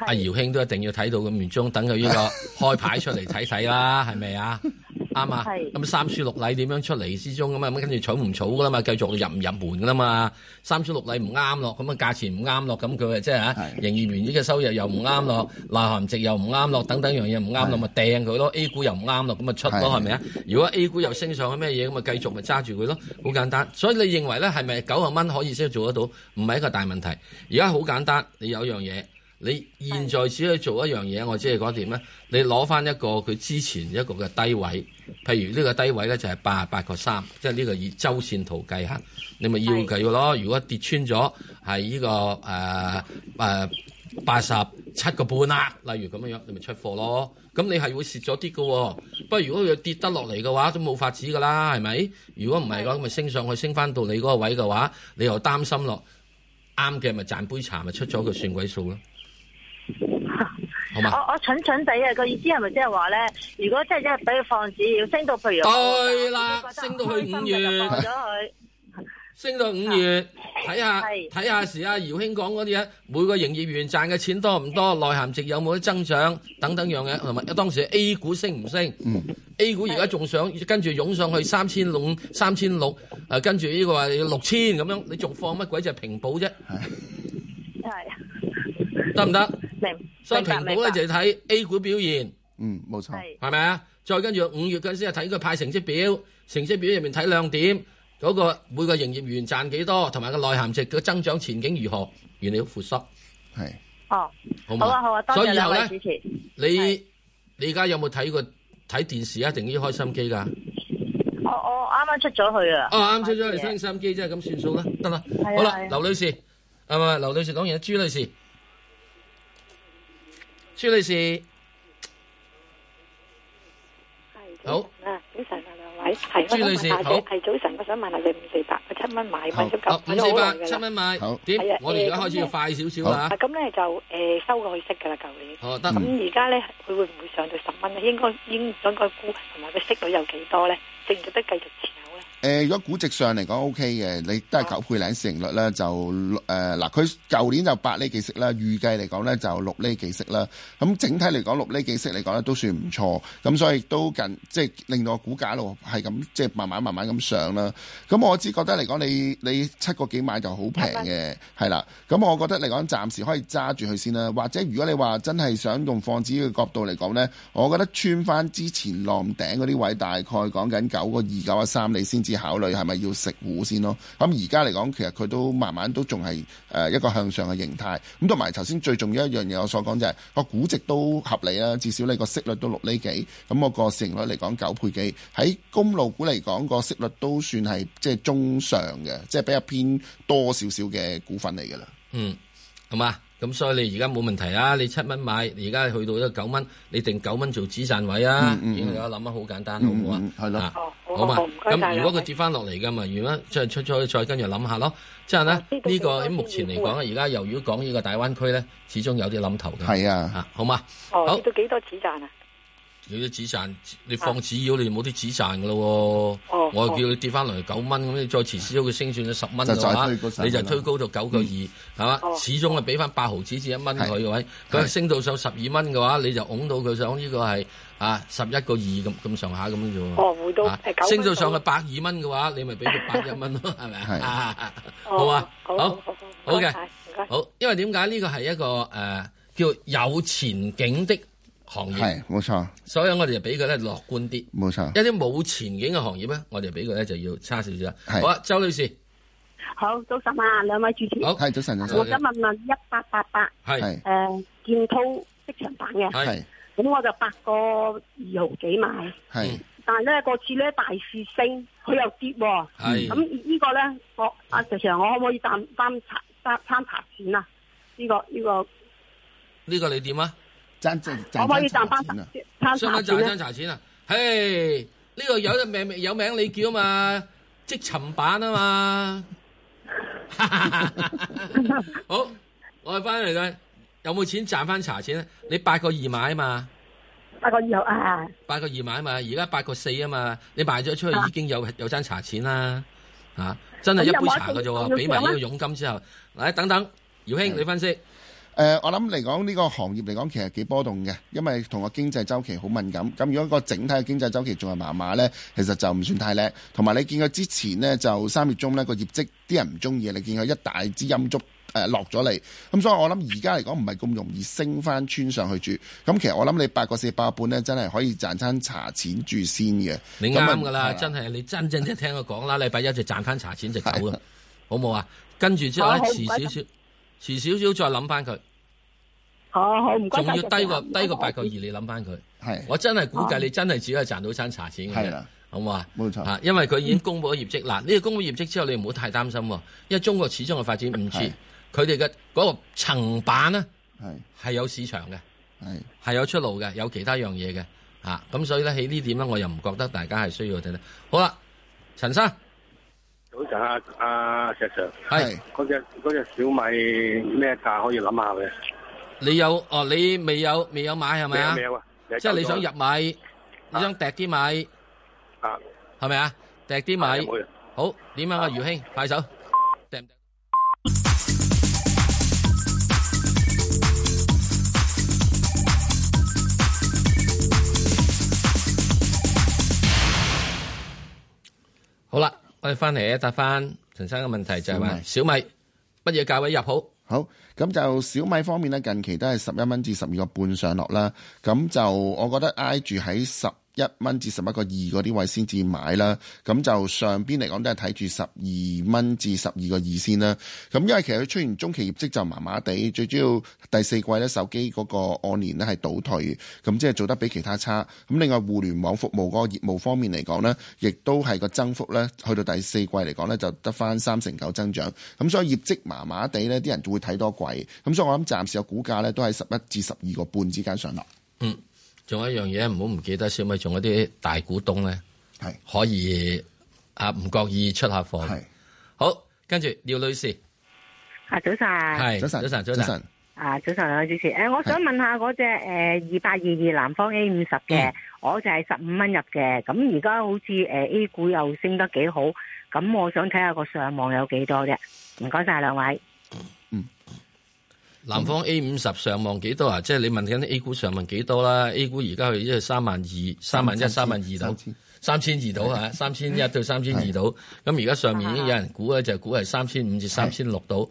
阿的、啊、姚兄都一定要睇到咁完，中等到呢個開牌出嚟睇睇啦，係咪 啊？啱啊，咁是三書六禮點樣出嚟之中咁啊？咁跟住儲唔儲噶啦嘛，繼續入唔入門噶啦嘛？三書六禮唔啱咯，咁啊價錢唔啱咯，咁佢即係嚇營業員呢個收入又唔啱咯，內含值又唔啱咯，等等樣嘢唔啱咯，咪掟佢咯。A 股又唔啱咯，咁咪出咯，係咪啊？的如果 A 股又升上去咩嘢，咁咪繼續咪揸住佢咯，好簡單。所以你認為咧係咪九十蚊可以先做得到？唔係一個大問題。而家好簡單，你有一樣嘢。你現在只可以做一樣嘢，是的我只係講點咧？你攞翻一個佢之前一個嘅低位，譬如呢個低位咧就係八十八個三，即係呢個以周線圖計下，你咪要計嘅咯。的如果跌穿咗係呢個誒誒八十七個半啦，例如咁樣樣，你咪出貨咯。咁你係會蝕咗啲嘅喎。不過如果佢跌得落嚟嘅話，都冇法子㗎啦，係咪？如果唔係嘅，咁咪升上去，升翻到你嗰個位嘅話，你又擔心咯。啱嘅咪賺杯茶，咪出咗佢算鬼數咯。我我蠢蠢地啊，個意思係咪即係話咧？如果即係即係俾佢放市，要升到譬如對啦，升到去五月，升到五月，睇下睇下時阿姚興講嗰啲啊，每個營業員賺嘅錢多唔多，內涵值有冇得增長等等樣嘅，同埋當時 A 股升唔升？A 股而家仲想跟住湧上去三千三千六，誒，跟住呢個話六千咁樣，你仲放乜鬼就平保啫？係得唔得？所以蘋果咧就係睇 A 股表現，嗯，冇錯，係咪啊？再跟住五月陣先係睇佢派成績表，成績表入面睇亮點，嗰個每個營業員賺幾多，同埋個內涵值嘅增長前景如何，原料復蘇係哦，好嘛？好啊好啊，所以以後咧，你你而家有冇睇過睇電視啊？定要開心機㗎？我我啱啱出咗去啊！啊啱出咗去，聽收音機，即係咁算數啦，得啦，好啦，劉女士係咪？劉女士講完，朱女士。朱女士，好，早晨啊，兩位，係朱女士，好，係早晨，我想問下你五四八，我七蚊買，買咗九，五四八，七蚊買，點？我哋而家開始要快少少啦吓，咁咧就誒收過去息噶啦，舊年，咁而家咧，佢會唔會上到十蚊咧？應該應應該估同埋個息率有幾多咧？值唔值得繼續？誒、呃，如果估值上嚟講 OK 嘅，你都係九倍兩市盈率咧，就六嗱，佢舊年就八厘幾息啦，預計嚟講咧就六厘幾息啦。咁整體嚟講六厘幾息嚟講咧都算唔錯，咁所以都近即係、就是、令到個股價路係咁，即、就、係、是、慢慢慢慢咁上啦。咁我只覺得嚟講，你你七個幾買就好平嘅，係啦分。咁我覺得嚟講，暫時可以揸住佢先啦。或者如果你話真係想用放置嘅角度嚟講咧，我覺得穿翻之前浪頂嗰啲位，大概講緊九個二、九個三你先。考慮係咪要食糊先咯？咁而家嚟講，其實佢都慢慢都仲係誒一個向上嘅形態。咁同埋頭先最重要的一樣嘢，我所講就係個估值都合理啦。至少你個息率都六厘幾，咁、那、我個市盈率嚟講九倍幾。喺公路股嚟講，個息率都算係即係中上嘅，即係比較偏多少少嘅股份嚟噶啦。嗯，咁啊。咁所以你而家冇問題啊！你七蚊買，而家去到都九蚊，你定九蚊做止賺位啊！咁而家諗得好簡單，好唔好啊？係咯，好嘛？咁如果佢跌翻落嚟㗎嘛，如果即係出咗去，再跟住諗下咯。即係咧，呢個喺目前嚟講啊，而家由於講呢個大灣區咧，始終有啲諗頭嘅。係啊，嚇好嘛？哦，跌到幾多止賺啊？你啲止賺，你放紙腰，你冇啲止賺噶咯喎。我叫你跌翻落嚟九蚊，咁你再遲少佢升轉咗十蚊嘅話，你就推高到九個二，係嘛？始終係俾翻八毫紙至一蚊佢嘅位。佢升到上十二蚊嘅話，你就拱到佢上呢個係啊十一個二咁咁上下咁樣啫喎。升到上去百二蚊嘅話，你咪俾佢八一蚊咯，係咪啊？好啊，好，好嘅，好，因為點解呢個係一個誒叫有前景的。行業係冇錯，所以我哋就俾佢咧樂觀啲，冇錯。一啲冇前景嘅行業咧，我哋俾佢咧就要差少少。好啊，周女士，好早晨啊，兩位主持好，係早晨早晨。我想問問一八八八係誒建滔積層板嘅，係。咁我就八個二毫幾買，係。但係咧，嗰次咧大市升，佢又跌，係。咁呢個咧，我阿 Sir，我可唔可以擔擔拆擔攤查錢啊？呢個呢個呢個你點啊？賺賺我可爭爭爭賺錢啊！爭翻賺爭茶錢啊！嘿、啊，呢、hey, 個有名有名 你叫啊嘛，即塵版啊嘛。 好，我哋翻嚟啦，有冇錢賺翻茶錢咧、啊？你八個二買啊嘛，八個二啊，八個二買啊嘛，而家八個四啊嘛，你賣咗出去已經有嗎有爭茶錢啦、啊，吓、啊，真係一杯茶嘅啫喎，俾埋呢這個佣金之後，嚟等等，姚卿你分析。誒、呃，我諗嚟講呢個行業嚟講，其實幾波動嘅，因為同個經濟周期好敏感。咁如果個整體嘅經濟周期仲係麻麻呢，其實就唔算太靚。同埋你見佢之前呢，就三月中呢個業績啲人唔中意，你見佢一大支陰燭誒落咗嚟。咁所以我諗而家嚟講唔係咁容易升翻穿上去住。咁其實我諗你八個四八半呢，5, 真係可以賺餐茶錢住先嘅。你啱噶啦，嗯、真係的你真正即係聽佢講啦，禮拜 一就賺餐茶錢就走啦、 啊，好冇少啊？跟住之後呢，遲少少，遲少少再諗翻佢。係唔仲要低，過低過個低個八個二，你諗翻佢。係我真係估計，你真係只係賺到餐茶錢嘅係啦，的好唔好啊？冇錯錯。吓，因為佢已經公布咗業績。嗱，呢個公布業績之後，你唔好太擔心，因為中國始終嘅發展唔止，佢哋嘅嗰個層板咧係係有市場嘅，係係的有出路嘅，有其他樣嘢嘅。吓，咁所以咧喺呢點咧，我又唔覺得大家係需要嘅。好啦，陳生早晨啊啊，石 Sir 係嗰隻嗰隻小米咩價可以諗下嘅？你有哦？你未有未有買係咪啊？未有啊！即係你想入米，你想掟啲米啊？係咪啊？掟啲米好點啊？余兄，快手掟唔掟？好啦，我哋翻嚟一答翻陳生嘅問題就係話小米乜嘢價位入好？好。咁就小米方面咧，近期都係十一蚊至十二個半上落啦。咁就我覺得挨住喺十一蚊至十一個二嗰啲位先至買啦，咁就上邊嚟講都係睇住十二蚊至十二個二先啦。咁因為其實佢出現中期業績就麻麻地，最主要第四季呢手機嗰個按年呢係倒退，咁即係做得比其他差。咁另外互聯網服務嗰個業務方面嚟講呢，亦都係個增幅呢，去到第四季嚟講呢，就得翻三成九增長。咁所以業績麻麻地呢，啲人都會睇多貴。咁所以我諗暫時個股價呢，都喺十一至十二個半之間上落。嗯。仲有一樣嘢，唔好唔記得，小米仲有啲大股東咧，係是可以啊，唔覺意出下貨。係好，跟住廖女士，啊，早晨，早晨，早晨，早晨，啊，早晨，兩位主持，誒、呃，我想問下嗰隻誒二八二二南方 A 五十嘅，是我就係十五蚊入嘅，咁而家好似誒 A 股又升得幾好，咁我想睇下個上網有幾多啫？唔該晒，兩位。嗯。南方 A 五十上望幾多啊？即係、嗯、你問緊啲 A 股上望幾多啦？A 股而家去即係三萬二、三萬一、三萬二度，三千二度吓，三千一到三千二度。咁而家上面已經有人估咧，是就係估係三千五至三千六度，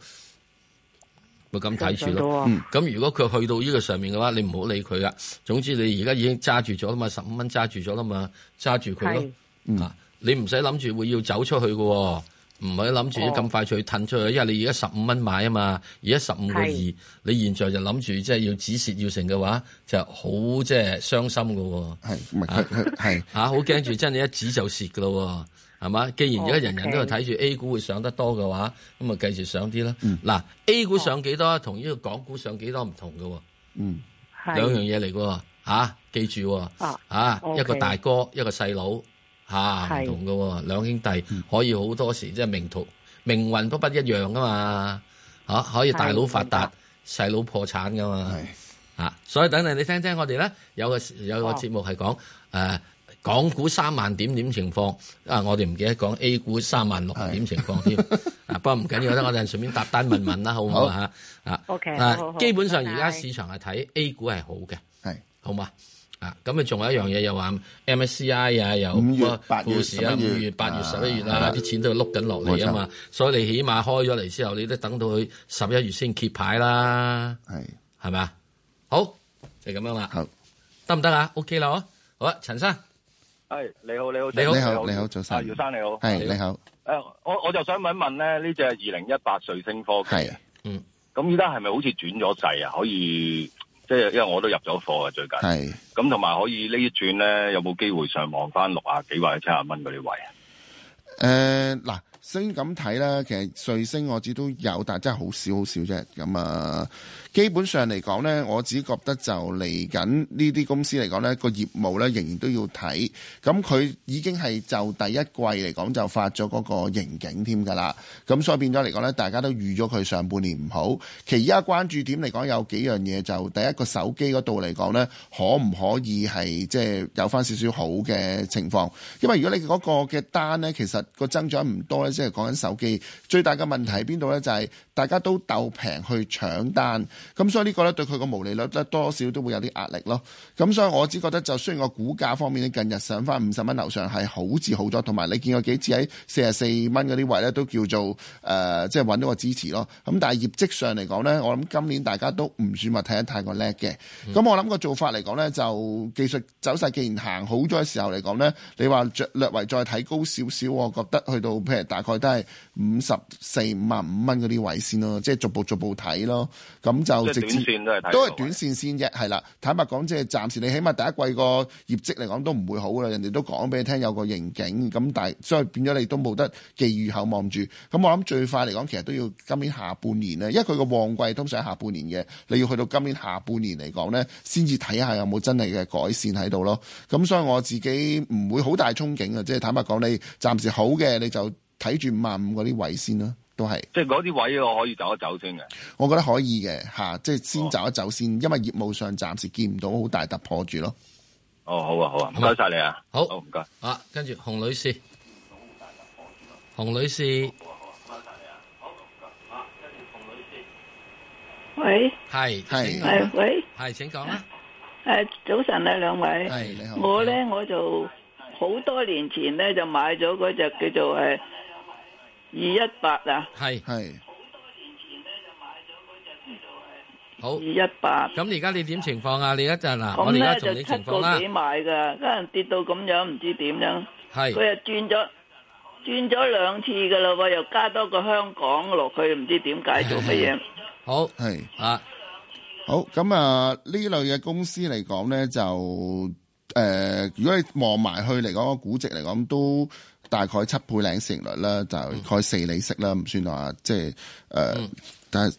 咪咁睇住咯。咁、嗯、如果佢去到呢個上面嘅話，你唔好理佢噶。總之你而家已經揸住咗啦嘛，十五蚊揸住咗啦嘛，揸住佢咯。啊，嗯、你唔使諗住會要走出去噶。唔係諗住咁快脆褪出去，因為你而家十五蚊買啊嘛，而家十五個二，你現在就諗住即係要止蝕要成嘅話，就好即係傷心噶喎。係，係，吓，好驚住真係你一止就蝕噶咯，係嘛？既然而家人人都係睇住 A 股會上得多嘅話，咁啊繼續上啲啦。嗱，A 股上幾多，同呢個港股上幾多唔同噶。嗯，兩樣嘢嚟噶，吓，記住，喎，啊，一個大哥，一個細佬。吓，唔同嘅兩兄弟可以好多時即係命途、命運都不一樣嘅嘛，嚇，可以大佬發達，細佬破產嘅嘛，嚇，所以等陣你聽聽我哋咧，有個有個節目係講誒港股三萬點點情況，啊我哋唔記得講 A 股三萬六啊點情況添。啊不過唔緊要啦，我哋順便搭單問問啦，好唔好啊嚇？啊基本上而家市場係睇 A 股係好嘅，係好嘛？啊，咁啊，仲有一樣嘢又話 MSCI 啊，又五月、八月、十一月，八月、十一月啊，啲錢都碌緊落嚟啊嘛，所以你起碼開咗嚟之後，你都等到佢十一月先揭牌啦，係咪？好，就咁樣啦，好得唔得啊？OK 啦，好，好啊，陳生，係你好，你好，你好，你好，你好早晨，姚生你好，係你好，誒，我我就想問一問咧，呢隻二零一八瑞星科技，嗯，咁而家係咪好似轉咗掣啊？可以？即係因為我都入咗貨啊，最近。係是。咁同埋可以呢一轉咧，有冇機會上望返六啊幾或者七啊蚊嗰啲位啊？誒、呃，嗱，先咁睇啦。其實瑞星我知都有，但係真係好少好少啫。咁、嗯、啊。基本上嚟講呢，我只覺得就嚟緊呢啲公司嚟講呢，個業務呢仍然都要睇。咁佢已經係就第一季嚟講就發咗嗰個盈警添㗎啦。咁所以變咗嚟講呢，大家都預咗佢上半年唔好。其實而家關注點嚟講有幾樣嘢，就第一個手機嗰度嚟講呢，可唔可以係即係有翻少少好嘅情況？因為如果你嗰個嘅單呢，其實個增長唔多呢，即係講緊手機最大嘅問題喺邊度呢？就係、是、大家都鬥平去搶單。咁所以呢個呢對佢個毛利率呢多少都會有啲壓力咯。咁所以我只覺得就雖然個股價方面呢近日上翻五十蚊樓上係好似好咗，同埋你見過幾次喺四十四蚊嗰啲位呢都叫做誒即係揾到個支持咯。咁但係業績上嚟講呢，我諗今年大家都唔算話睇得太過叻嘅。咁我諗個做法嚟講呢，就技術走勢。既然行好咗嘅時候嚟講呢，你話略為再睇高少少，我覺得去到譬如大概都係。五十四五啊五蚊嗰啲位先咯，即係逐步逐步睇咯。咁就直接都係短線先啫，係啦。坦白講，即係暫時你起碼第一季個業績嚟講都唔會好啦。人哋都講俾你聽有個刑景，咁但所以變咗你都冇得寄予口望住。咁我諗最快嚟講，其實都要今年下半年啦，因為佢個旺季通常係下半年嘅，你要去到今年下半年嚟講呢，先至睇下有冇真係嘅改善喺度咯。咁所以我自己唔會好大憧憬啊，即係坦白講，你暫時好嘅你就。睇住萬五嗰啲位先啦，都係。即係嗰啲位我可以走一走先嘅，我覺得可以嘅，吓、啊，即係先走一走先，因為業務上暫時見唔到好大突破住咯。哦、啊，好啊，好啊，唔該晒你啊，好，唔該好，好啊，跟住洪女士，洪女士，唔該晒你啊，好，啊，跟住、啊啊啊、洪女士，喂，係係係，喂，係請講啦誒，早晨啊，兩位，係你好，我咧我就好多年前咧就買咗嗰隻叫做二一八啊，係係好多年前咧就買咗隻叫做係二一八，咁而家你點情況啊？你一陣啦，我哋就你情況啦。咁咧就七個幾買噶，跟住跌到咁樣，唔知點樣。係佢又轉咗，轉咗兩次噶啦，又加多個香港落去，唔知點解做乜嘢。好係啊，好咁啊，呢類嘅公司嚟講咧，就誒，如果你望埋去嚟講個估值嚟講都。大概七倍市盈率啦，就概四厘息啦，唔算話即係誒、呃嗯，等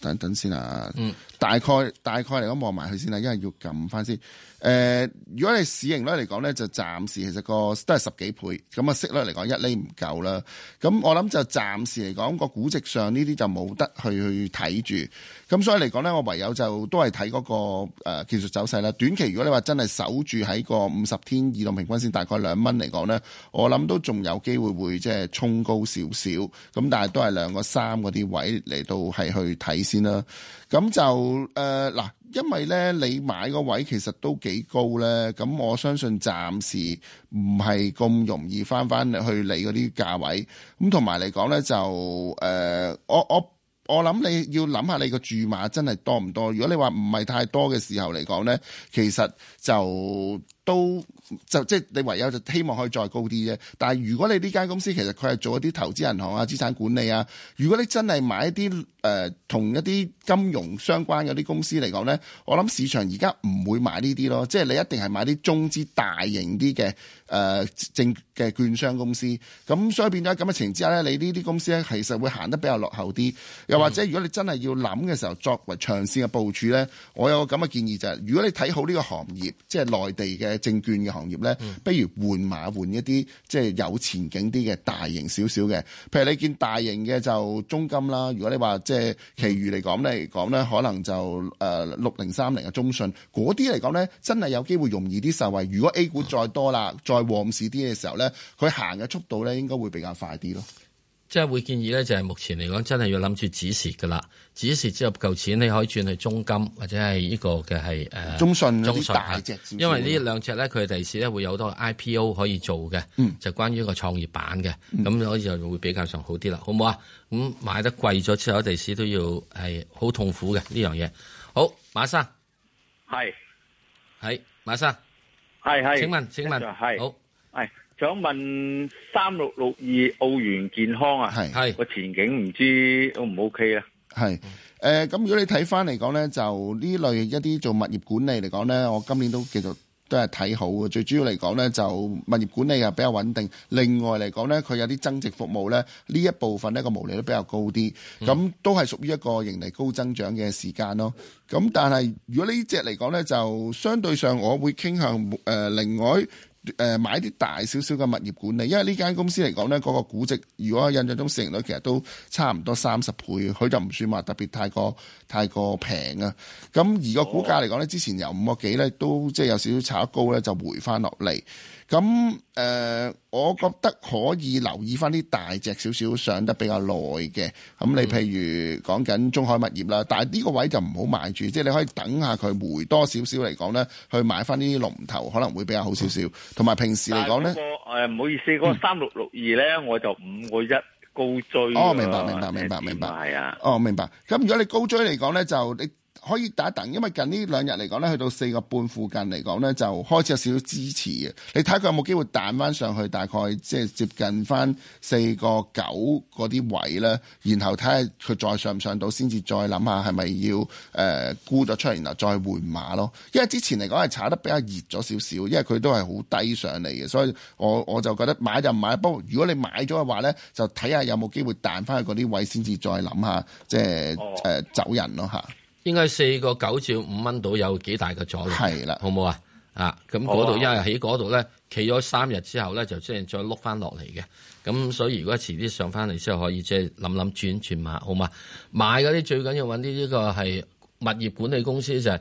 等一等先啊。嗯大概大概嚟講望埋佢先啦，因為要撳翻先。誒、呃，如果你市盈率嚟講呢，就暫時其實個都係十幾倍。咁啊，息率嚟講一厘唔夠啦。咁我諗就暫時嚟講、個估值上呢啲就冇得去去睇住。咁所以嚟講呢，我唯有就都係睇嗰個、呃、技術走勢啦。短期如果你話真係守住喺個五十天移動平均線大概兩蚊嚟講呢，我諗都仲有機會會即係衝高少少。咁但係都係兩個三嗰啲位嚟到係去睇先啦。咁就。誒、嗱、呃，因為咧你買個位其實都幾高咧，咁我相信暫時唔係咁容易翻翻去你嗰啲價位，咁同埋嚟講咧就誒、呃，我我我諗你要諗下你個注碼真係多唔多，如果你話唔係太多嘅時候嚟講咧，其實就。都就即係你唯有就希望可以再高啲啫。但係如果你呢間公司其實佢係做一啲投資銀行啊、資產管理啊，如果你真係買一啲誒同一啲金融相關嗰啲公司嚟講咧，我諗市場而家唔會買呢啲咯。即係你一定係買啲中資大型啲嘅誒證嘅券商公司。咁所以變咗咁嘅情形之下咧，你呢啲公司咧其實會行得比較落後啲。又或者如果你真係要諗嘅時候作為長線嘅部署咧，我有個咁嘅建議就係，如果你睇好呢個行業即係內地嘅。證券嘅行業呢，不如換馬換一啲即係有前景啲嘅大型少少嘅，譬如你見大型嘅就中金啦。如果你話即係其餘嚟講呢，嚟講咧，可能就誒六零三零嘅中信。嗰啲嚟講呢，真係有機會容易啲受惠。如果 A 股再多啦，嗯、再旺市啲嘅時候呢，佢行嘅速度呢應該會比較快啲咯。即係會建議咧，就係目前嚟講，真係要諗住止蝕噶啦。止蝕之後夠錢，你可以轉去中金或者係呢個嘅係誒，呃、中信中信大隻，係咪因為兩隻呢一兩隻咧，佢地市咧會有好多 IPO 可以做嘅，嗯、就關於一個創業板嘅，咁、嗯、所以就會比較上好啲啦，好唔好啊？咁、嗯、買得貴咗之後，地市都要係好痛苦嘅呢樣嘢。好，馬生係，係馬生，係係是，請問，請問，好，係。想問三六六二奧園健康啊，係係個前景唔知 OK 唔 OK 呢？係誒，咁如果你睇返嚟講呢，就呢類一啲做物業管理嚟講呢，我今年都繼續都係睇好嘅。最主要嚟講呢，就物業管理又比較穩定。另外嚟講呢，佢有啲增值服務呢，呢一部分呢個毛利都比較高啲。咁都係屬於一個盈利高增長嘅時間咯。咁但係如果呢隻嚟講呢，就相對上我會傾向誒另外。誒買啲大少少嘅物業管理，因為呢間公司嚟講呢嗰個估值，如果印象中市盈率其實都差唔多三十倍，佢就唔算話特別太過太過平啊。咁而個股價嚟講呢，之前由五個幾呢都即係有少少炒高呢，就回翻落嚟。咁誒、呃，我覺得可以留意翻啲大隻少少上得比較耐嘅，咁你譬如講緊中海物業啦，嗯、但係呢個位就唔好買住，即係你可以等下佢回多少少嚟講咧，去買翻啲龍頭可能會比較好少少。同埋、嗯、平時嚟講咧，個、呃、唔好意思，個三六六二咧，嗯、我就五個一高追。哦，明白明白明白明白，係啊。哦，明白。咁、哦、如果你高追嚟講咧，就你，可以打等，因為近呢兩日嚟講咧，去到四個半附近嚟講咧，就開始有少少支持嘅。你睇佢有冇機會彈翻上去，大概即係、就是、接近翻四個九嗰啲位咧，然後睇下佢再上唔上到，先至再諗下係咪要誒、呃、沽咗出嚟，然後再換馬咯。因為之前嚟講係炒得比較熱咗少少，因為佢都係好低上嚟嘅，所以我我就覺得買就唔買，不過如果你買咗嘅話咧，就睇下有冇機會彈翻去嗰啲位先至再諗下，即係誒、呃、走人咯嚇。應該四個九兆五蚊到有幾大嘅阻力？係啦的，好唔好啊？啊，咁嗰度因為喺嗰度咧，企咗吧三日之後咧，就即係再碌翻落嚟嘅。咁所以如果遲啲上翻嚟之後，可以即係諗諗轉轉下，好嘛？買嗰啲最緊要搵啲呢個係物業管理公司就係、是、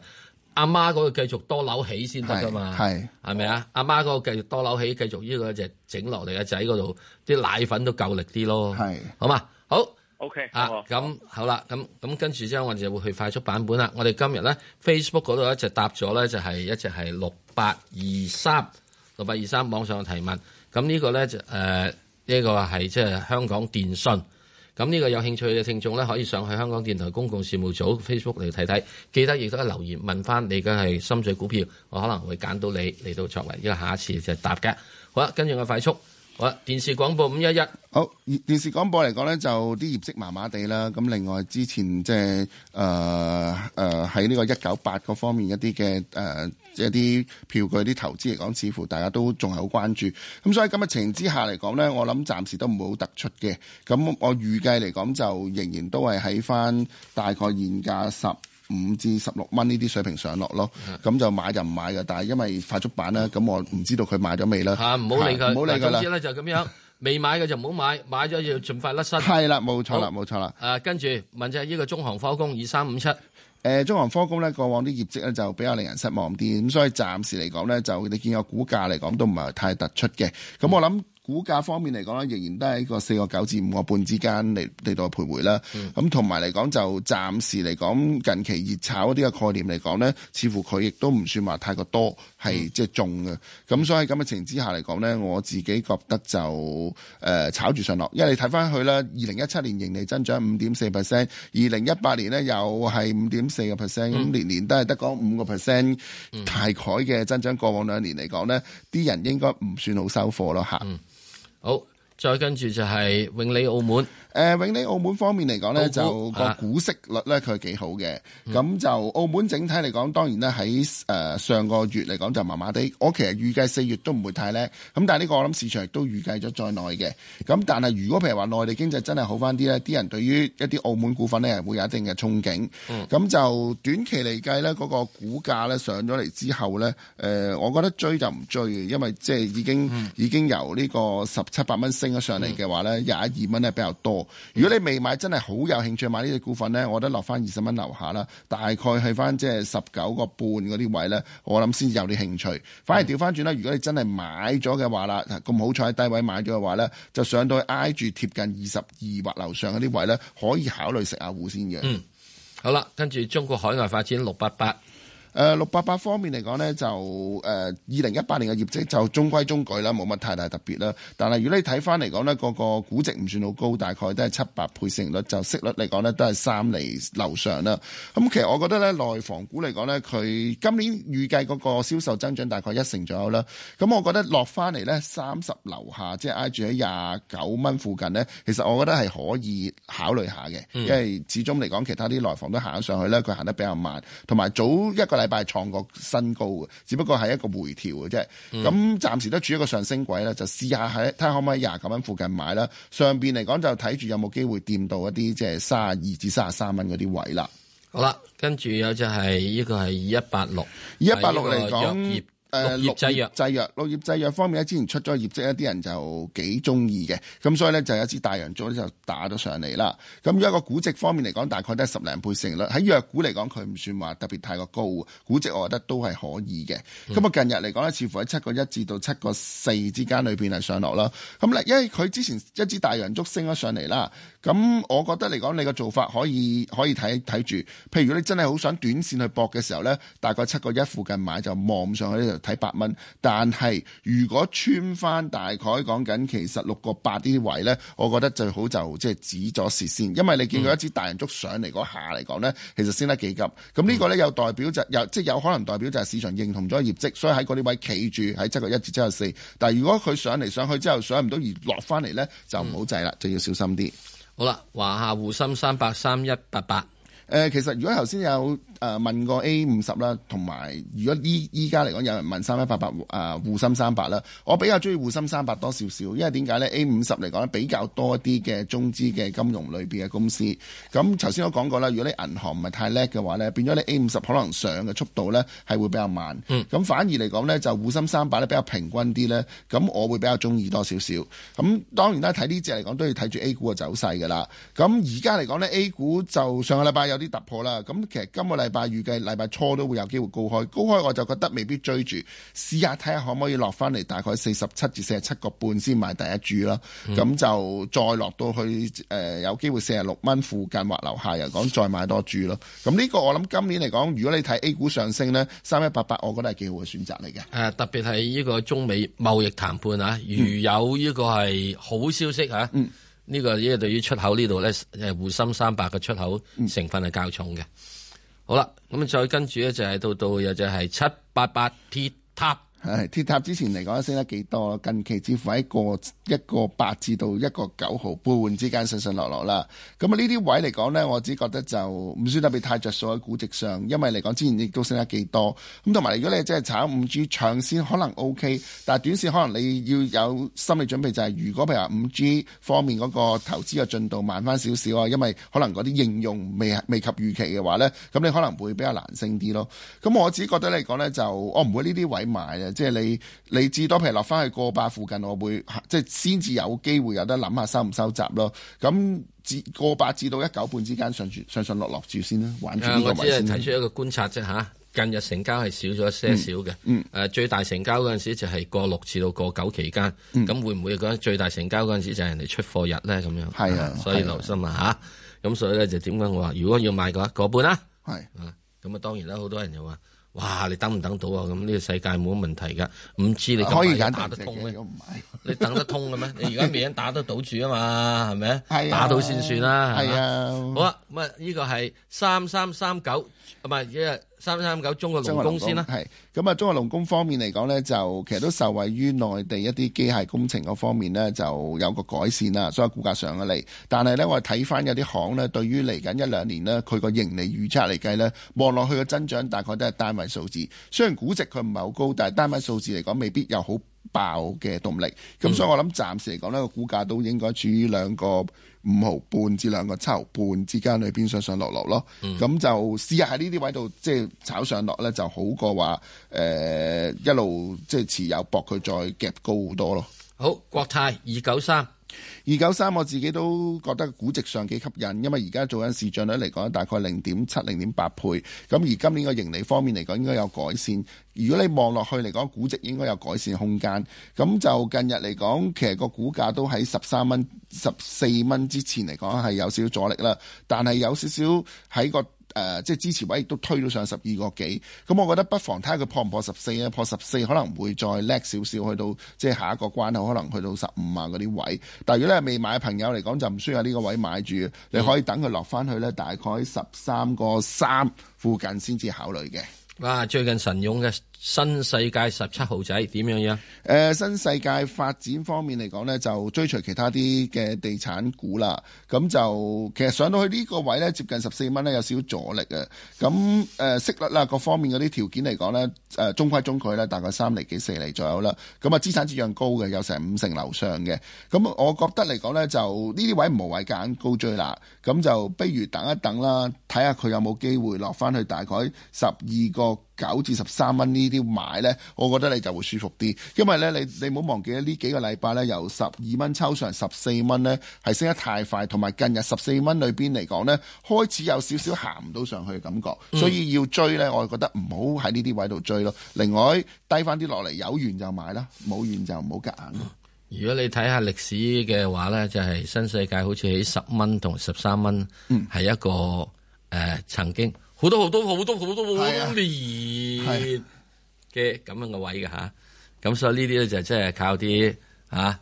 阿媽嗰個繼續多樓起先得噶嘛？係係咪啊？阿媽嗰個繼續多樓起，繼續呢個就整落嚟嘅仔嗰度，啲奶粉都夠力啲咯。係的好嘛？好。O、okay, K 啊，咁好啦，咁咁跟住之後我哋就會去快速版本啦。我哋今日咧 Facebook 嗰度一直答咗咧就係、是、一隻係六八二三六八二三網上提問。咁呢、呃呢個咧就誒呢個係即係香港電訊。咁呢個有興趣嘅聽眾咧，可以上去香港電台公共事務組 Facebook 嚟睇睇。記得亦都留言問翻你嘅係心水股票，我可能會揀到你嚟到作為呢個下一次嘅答嘅。好啦，跟住我快速。哇！電視廣播五一一，好。電視廣播嚟講呢，就啲業績麻麻地啦。咁另外之前即係誒誒喺呢個一九八嗰方面一啲嘅誒一啲票據啲投資嚟講，似乎大家都仲係好關注。咁所以今日情形之下嚟講呢，我諗暫時都唔會好突出嘅。咁我預計嚟講就仍然都係喺翻大概現價十。五至十六蚊呢啲水平上落咯，咁就買就唔買嘅，但係因為快速版啦，咁我唔知道佢買咗未啦。唔好理佢，唔好理佢啦。是之就咁樣，未 買嘅就唔好買，買咗要盡快甩身。係啦，冇錯啦，冇錯啦。誒、啊，跟住問隻，呢個中航科工二三五七。誒、呃，中航科工咧，過往啲業績咧就比較令人失望啲，咁所以暫時嚟講咧，就你見個股價嚟講都唔係太突出嘅。咁、嗯、我諗。股價方面嚟講咧，仍然都喺個四個九至五個半之間嚟嚟到徘徊啦。咁同埋嚟講，就暫時嚟講，近期熱炒嗰啲嘅概念嚟講呢，似乎佢亦都唔算話太過多係、嗯、即係中嘅。咁、嗯、所以喺咁嘅情之下嚟講呢，我自己覺得就，誒，炒住上落，因為你睇翻佢啦，二零一七年盈利增長五點四 percent，二零一八年呢又係五點四個 percent，咁年年都係得嗰五個 percent 大概嘅增長。嗯、過往兩年嚟講呢啲人應該唔算好收貨咯嚇。嗯好，再跟住就係永利澳門。誒、呃、永利澳門方面嚟講呢，股就個股息率呢，佢係幾、啊、好嘅，咁、嗯、就澳門整體嚟講，當然呢，喺、呃、上個月嚟講就麻麻地。我其實預計四月都唔會太叻，咁但係呢個我諗市場亦都預計咗在內嘅。咁但係如果譬如話內地經濟真係好翻啲呢，啲人對於一啲澳門股份呢係會有一定嘅憧憬。咁、嗯、就短期嚟計呢，嗰、那個股價呢，上咗嚟之後呢、呃，我覺得追就唔追，因為即係已經、嗯、已經由呢個十七八蚊升咗上嚟嘅話呢，廿一二蚊呢，比較多。如果你未買，真係好有興趣買呢隻股份呢，我覺得落翻二十蚊樓下啦，大概係翻即係十九個半嗰啲位呢，我諗先有啲興趣。反而調翻轉啦，如果你真係買咗嘅話啦，咁好彩低位買咗嘅話呢，就上到挨住貼近二十二或樓上嗰啲位呢，可以考慮食下戶先嘅。嗯，好啦，跟住中國海外發展六八八。誒六八八方面嚟講呢，就誒二零一八年嘅業績就中規中矩啦，冇乜太大特別啦。但係如果你睇翻嚟講呢，嗰個估值唔算好高，大概都係七百倍市盈率，就息率嚟講呢，都係三厘樓上啦。咁其實我覺得呢，內房股嚟講呢，佢今年預計嗰個銷售增長大概一成左右啦。咁我覺得落翻嚟呢，三十樓下，即係挨住喺廿九蚊附近呢，其實我覺得係可以考慮下嘅，嗯、因為始終嚟講其他啲內房都行上去呢，佢行得比較慢，同埋早一個禮拜。係創個新高嘅，只不過係一個回調嘅啫。咁暫、嗯、時都住一個上升軌啦，就試下喺睇下可唔可以廿九蚊附近買啦。上邊嚟講就睇住有冇機會掂到一啲即係三十二至三十三蚊嗰啲位啦。好啦，跟住有隻係呢個係二一八六，二一八六嚟講。誒，綠葉製藥、綠葉製藥方面咧，之前出咗業績一啲人就幾中意嘅，咁所以呢，就有一支大陽燭咧就打咗上嚟啦。咁如果個估值方面嚟講，大概都係十零倍成率。喺藥股嚟講，佢唔算話特別太過高，估值我覺得都係可以嘅。咁啊，近日嚟講呢，似乎喺七個一至到七個四之間裏邊係上落啦。咁咧，因為佢之前一支大陽燭升咗上嚟啦。咁我覺得嚟講，你個做法可以可以睇睇住。譬如如果你真係好想短線去搏嘅時候呢，大概七個一附近買就望上去呢咧，睇八蚊。但係如果穿翻大概講緊，其實六個八啲位呢，我覺得最好就即係止咗蝕先，因為你見到一支大陽燭上嚟嗰下嚟講呢，嗯、其實先得幾急。咁呢個呢，有代表、嗯、有就有即係有可能代表就係市場認同咗業績，所以喺嗰啲位企住喺七個一至七個四。但如果佢上嚟上去之後上唔到而落翻嚟呢，就唔好滯啦，嗯、就要小心啲。好啦，華夏滬深三百三一八八。誒、呃，其實如果頭先有誒、呃、問過 A 五十啦，同埋如果依依家嚟講有人問三一八八啊，滬深三百啦，我比較中意滬深三百多少少，因為點解呢？A 五十嚟講呢比較多啲嘅中資嘅金融類別嘅公司。咁頭先我講過啦，如果你銀行唔係太叻嘅話呢，變咗你 A 五十可能上嘅速度呢係會比較慢。咁、嗯、反而嚟講呢，就滬深三百呢比較平均啲呢，咁我會比較中意多少少。咁當然啦，睇呢隻嚟講都要睇住 A 股嘅走勢㗎啦。咁而家嚟講呢 A 股就上個禮拜有。啲突破啦，咁其實今個禮拜預計禮拜初都會有機會高開，高開我就覺得未必追住，試下睇下可唔可以落翻嚟，大概四十七至四十七個半先買第一注啦，咁、嗯、就再落到去誒，有機會四十六蚊附近或樓下又講再買多注咯。咁呢個我諗今年嚟講，如果你睇 A 股上升呢，三一八八，我覺得係幾好嘅選擇嚟嘅。誒，特別係呢個中美貿易談判啊，如有呢個係好消息吓。嗯呢個依個對於出口呢度呢，誒，滬深三百嘅出口成分係較重嘅。嗯、好啦，咁再跟住呢、就是，就係到到又就係七八八鐵塔。Top. 唉，鐵塔之前嚟講升得幾多？近期似乎喺個一個八至到一個九毫半之間，上上落落啦。咁啊，呢啲位嚟講呢，我自己覺得就唔算得畀太着數喺估值上，因為嚟講之前亦都升得幾多。咁同埋如果你真係炒五 G 長線，可能 OK，但係短線可能你要有心理準備，就係如果譬如話五 G 方面嗰個投資嘅進度慢翻少少啊，因為可能嗰啲應用未未及預期嘅話呢，咁你可能會比較難升啲咯。咁我自己覺得嚟講呢，就我唔會呢啲位買啊。即係你，你至多譬如落翻去過百附近，我會即係先至有機會有得諗下收唔收集咯。咁至過百至到一九半之間上住，上，上落落住先啦。玩住呢個先。啊、我只係提出一個觀察啫吓、啊，近日成交係少咗些少嘅、嗯嗯啊。最大成交嗰陣時就係過六至到過九期間。咁、嗯、會唔會覺得最大成交嗰陣時就係人哋出貨日咧？咁樣。係啊。所以留心啊嚇。咁所以咧就點講？我話如果要買嘅話，過半啦。係。咁啊，是啊當然啦，好多人又話。哇！你等唔等到啊？咁呢個世界冇乜問題噶，唔知你開緊打得通咩？你等得通嘅咩？ 你而家未人打得到住啊嘛？係咪？ 打到先算啦。係啊。好 吧啊。咁啊，呢個係三三三九，唔係一三三九中國龍工，龍工先啦呢，係咁啊！中國龍工方面嚟講呢就其實都受惠於內地一啲機械工程嗰方面呢，就有個改善啦，所以股價上咗嚟。但係呢，我哋睇翻有啲行呢，對於嚟緊一兩年呢，佢個盈利預測嚟計呢，望落去個增長大概都係單位數字。雖然估值佢唔係好高，但係單位數字嚟講，未必有好爆嘅動力。咁、嗯、所以我諗暫時嚟講呢個股價都應該處於兩個。五毫半至兩個七毫半之間裏邊上上落落咯，咁、嗯、就試下喺呢啲位度即係炒上落咧，就好過話、呃、一路即係持有搏佢再夾高好多咯。好，國泰二九三。二九三我自己都覺得估值上幾吸引，因為而家做緊市賬率嚟講，大概零點七、零點八倍。咁而今年個盈利方面嚟講應該有改善。如果你望落去嚟講，估值應該有改善空間。咁就近日嚟講，其實個股價都喺十三蚊、十四蚊之前嚟講係有少少阻力啦。但係有少少喺個。誒，即係支持位亦都推到上十二個幾，咁我覺得不妨睇下佢破唔破十四啊？破十四可能會再叻少少，去到即係下一個關口，可能去到十五啊嗰啲位。但係如果咧未買嘅朋友嚟講，就唔需要喺呢個位買住，你可以等佢落返去咧，大概十三個三附近先至考慮嘅。哇！最近神勇嘅～新世界十七號仔點樣樣？誒、呃，新世界發展方面嚟講呢就追隨其他啲嘅地產股啦。咁就其實上到去呢個位呢，接近十四蚊呢，有少少阻力嘅。咁誒、呃，息率啦，各方面嗰啲條件嚟講呢，誒、呃，中規中矩啦，大概三厘幾四厘左右啦。咁啊，資產質量高嘅，有成五成樓上嘅。咁我覺得嚟講呢，就呢啲位無謂揀高追啦。咁就不如等一等啦，睇下佢有冇機會落翻去大概十二個。九至十三蚊呢啲買呢，我覺得你就會舒服啲，因為呢，你你唔好忘記呢幾個禮拜呢，由十二蚊抽上十四蚊呢，係升得太快，同埋近日十四蚊裏面嚟講呢，開始有少少行唔到上去嘅感覺，所以要追呢，我覺得唔好喺呢啲位度追咯。另外低翻啲落嚟有緣就買啦，冇緣就唔好夾硬。如果你睇下歷史嘅話呢，就係、是、新世界好似喺十蚊同十三蚊係一個誒、嗯呃、曾經。好多好多好多好多好多年嘅咁樣嘅位㗎？吓，咁、啊、所以呢啲咧就真係靠啲吓、啊，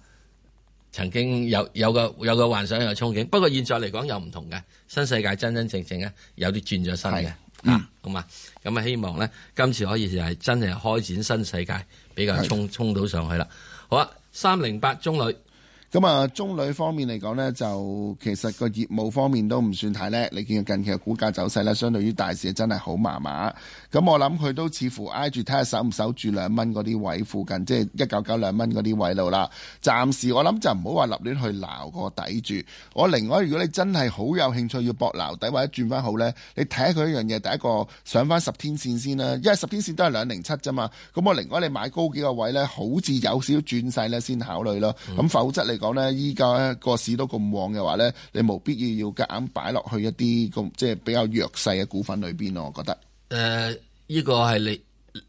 曾經有有個有個幻想有個憧憬，不過現在嚟講又唔同嘅，新世界真真正正咧有啲轉咗身嘅、嗯、啊，咁咁啊希望咧今次可以就係真係開展新世界，比較衝衝是到上去啦。好啊，三零八中旅。咁啊，中旅方面嚟講呢，就其實個業務方面都唔算太叻。你見近期嘅股價走勢呢，相對於大市真係好麻麻。咁我諗佢都似乎挨住睇下守唔守住兩蚊嗰啲位附近，即係一九九兩蚊嗰啲位度啦。暫時我諗就唔好話立亂去撈個底住。我另外，如果你真係好有興趣要搏撈底或者轉翻好呢，你睇下佢一樣嘢，第一個上翻十天線先啦，因為十天線都係兩零七啫嘛。咁我另外你買高幾個位呢，好似有少少轉勢呢，先考慮咯。咁、嗯、否則你。講咧，依家咧個市都咁旺嘅話咧，你無必要要夾硬擺落去一啲咁即係比較弱勢嘅股份裏邊咯。我覺得誒，依、呃這個係你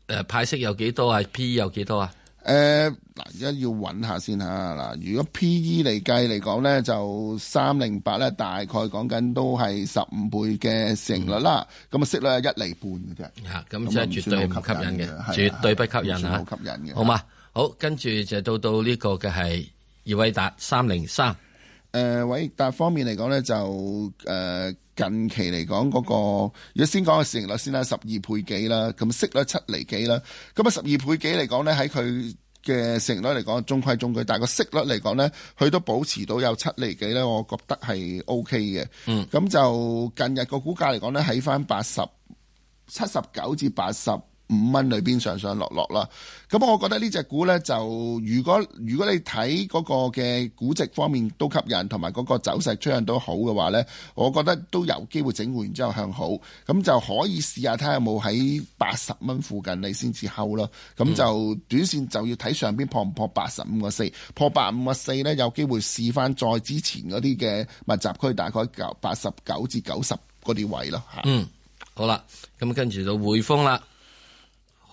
誒派、呃、息有幾多啊？P E 有幾多啊？誒、呃，嗱，而家要揾下先吓嗱、啊。如果 P E 嚟計嚟講咧，就三零八咧，大概講緊都係十五倍嘅市盈率啦。咁、嗯、啊，息率係一厘半嘅啫。吓，咁即係絕對唔吸引嘅、啊，絕對不吸引好吸引嘅。好嘛，好，跟住就到到呢個嘅係。易偉達三零三，誒，偉達、呃、方面嚟講咧，就誒、呃、近期嚟講嗰個，如果先講個市盈率先啦，十二倍幾啦，咁息率七厘幾啦，咁啊十二倍幾嚟講咧，喺佢嘅市盈率嚟講中規中矩，但係個息率嚟講咧，佢都保持到有七厘幾咧，我覺得係 O K 嘅，嗯，咁就近日個股價嚟講咧，喺翻八十七十九至八十五蚊裏邊上上落落啦，咁我覺得呢隻股呢，就如果如果你睇嗰個嘅估值方面都吸引，同埋嗰個走勢趨向都好嘅話呢，我覺得都有機會整換完之後向好，咁就可以試下睇下有冇喺八十蚊附近你先至 hold 咯，咁就短線就要睇上邊破唔破八十五個四，破八五個四呢，有機會試翻再之前嗰啲嘅密集區，大概九八十九至九十嗰啲位咯吓。嗯，好啦，咁跟住就匯豐啦。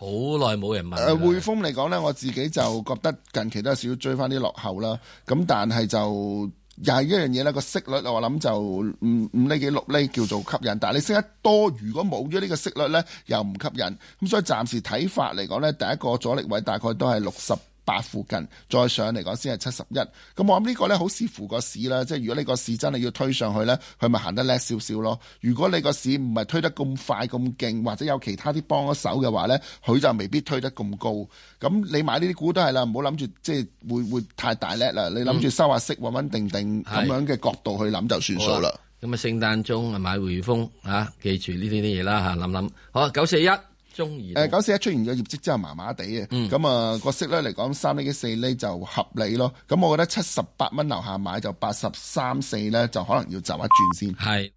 好耐冇人問。誒，匯豐嚟講咧，我自己就覺得近期都有少少追翻啲落後啦。咁但係就又係一樣嘢咧，個息率我諗就五五釐幾六釐叫做吸引。但係你升得多，如果冇咗呢個息率咧，又唔吸引。咁所以暫時睇法嚟講咧，第一個阻力位大概都係六十八附近再上嚟講先係七十一，咁我諗呢個呢，好視乎個市啦，即係如果你個市真係要推上去呢，佢咪行得叻少少咯。如果你個市唔係推得咁快咁勁，或者有其他啲幫一手嘅話呢，佢就未必推得咁高。咁你買呢啲股都係啦，唔好諗住即係會會,會太大叻啦。你諗住收下息穩穩、嗯、定定咁樣嘅角度去諗就算數啦。咁啊，聖誕鐘啊，買匯豐啊，記住呢啲啲嘢啦吓，諗諗好，九四一。中誒，九四一出完個業績之後，麻麻地嘅，咁啊個息咧嚟講，三釐幾四釐就合理咯。咁我覺得七十八蚊樓下買就八十三四咧，就可能要賺一轉先。係。